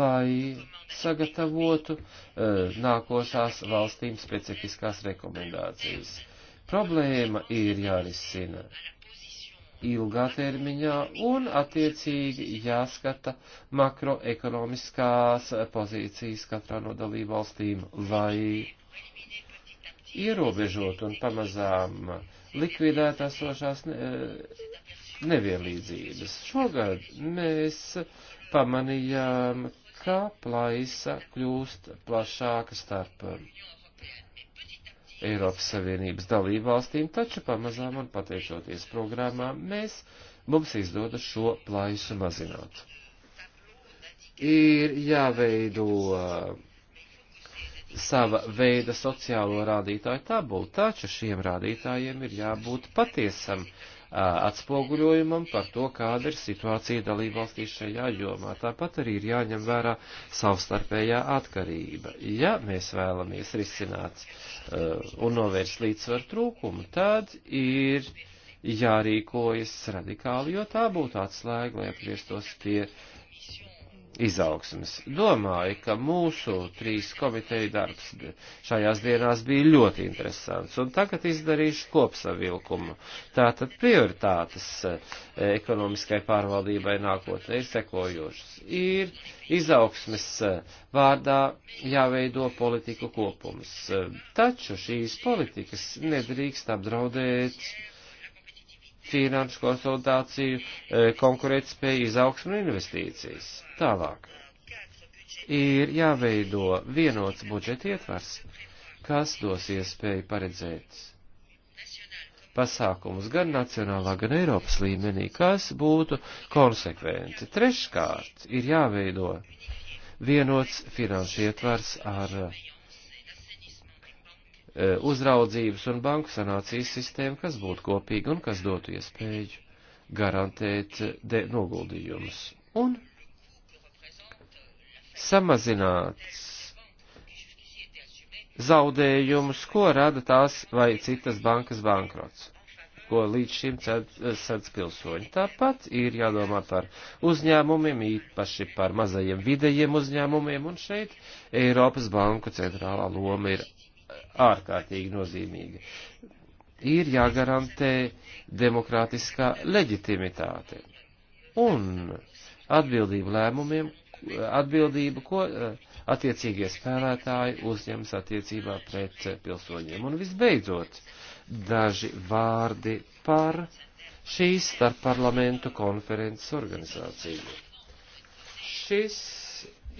lai sagatavotu uh, nākošās valstīm specifiskās rekomendācijas problēma ir jārisina ilgā termiņā un attiecīgi jāskata makroekonomiskās pozīcijas katrā no dalību valstīm, lai ierobežot un pamazām likvidēt esošās nevienlīdzības. Šogad mēs pamanījām, ka plaisa kļūst plašāka starp Eiropas Savienības dalībvalstīm, taču pamazām un pateicoties programmām mēs, mums izdodas šo plaisu mazināt. Ir jāveido uh, sava veida sociālo rādītāju tabulu, taču šiem rādītājiem ir jābūt patiesam uh, atspoguļojumam par to, kāda ir situācija dalībvalstīs šajā jomā. Tāpat arī ir jāņem vērā savstarpējā atkarība. Ja mēs vēlamies risināt uh, Eh, un novērst līdzsvaru trūkumu, tad ir jārīkojas radikāli, jo tā būtu atslēga, lai atgrieztos pie uh, izaugsmes. Domāju, ka mūsu trīs komiteju darbs šajās dienās bija ļoti interesants, un tagad izdarīšu kopsavilkumu. Tātad prioritātes eh, ekonomiskai pārvaldībai nākotnē ir sekojošas. Ir izaugsmes eh, vārdā jāveido politiku kopums, taču šīs politikas nedrīkst apdraudēt finanšu konsultāciju, e, konkurētspēju, izaugsmu un investīcijas. Tālāk. Ir jāveido vienots budžeta ietvars, kas dos iespēju paredzēt pasākumus gan nacionālā, gan Eiropas līmenī, kas būtu konsekventi. Treškārt, ir jāveido vienots finanšu ietvars ar uh, E, uzraudzības un banku sanācijas sistēmu, kas būtu kopīga un kas dotu iespēju garantēt e, noguldījumus. Un samazināts zaudējumus, ko rada tās vai citas bankas bankrots, ko līdz šim e, sadz pilsoņi. Tāpat ir jādomā par uzņēmumiem, īpaši par mazajiem vidējiem uzņēmumiem, un šeit Eiropas Banku centrālā loma ir ārkārtīgi nozīmīga. Ir jāgarantē demokrātiskā leģitimitāte un atbildību lēmumiem, atbildību, ko eh, attiecīgie spēlētāji uzņems attiecībā pret pilsoņiem. Un visbeidzot, daži vārdi par šīs starpparlamentu konferences organizāciju. Šis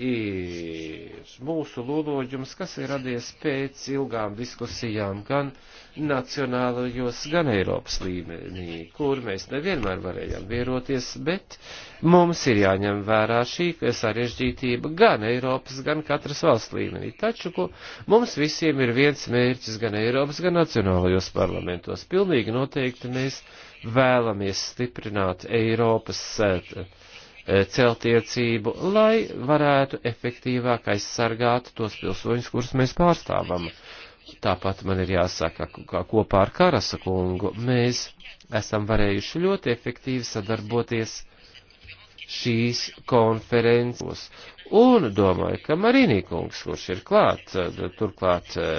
ir mūsu lūloģums, kas ir radies pēc ilgām diskusijām gan nacionālajos, gan Eiropas līmenī, kur mēs nevienmēr varējām vieroties, bet mums ir jāņem vērā šī sarežģītība gan Eiropas, gan katras valsts līmenī. Taču, ko mums visiem ir viens mērķis gan Eiropas, gan nacionālajos parlamentos, pilnīgi noteikti mēs vēlamies stiprināt Eiropas sēta eh, E, celtniecību, lai varētu efektīvāk aizsargāt tos pilsoņus, kurus mēs pārstāvam. Tāpat man ir jāsaka, ka kopā ar Karasa kungu mēs esam varējuši ļoti efektīvi sadarboties šīs konferences. Un domāju, ka Marīnī kungs, kurš ir klāt, e, turklāt e,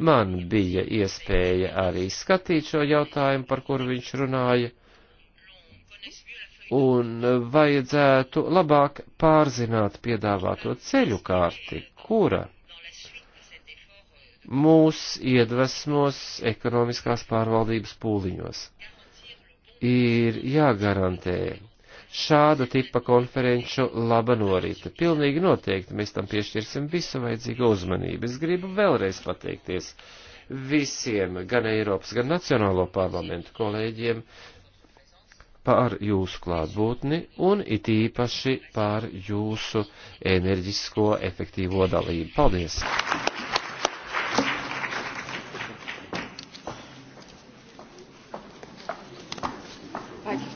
man bija iespēja arī skatīt šo jautājumu, par kuru viņš runāja un vajadzētu labāk pārzināt piedāvāto ceļu kārti, kura mūs iedvesmos ekonomiskās pārvaldības pūliņos. Ir jāgarantē šāda tipa konferenču laba norīta. Pilnīgi noteikti mēs tam piešķirsim visu vajadzīgo uzmanību. Es gribu vēlreiz pateikties visiem, gan Eiropas, gan Nacionālo parlamentu kolēģiem, par jūsu klātbūtni un it īpaši par jūsu enerģisko efektīvo dalību. Paldies!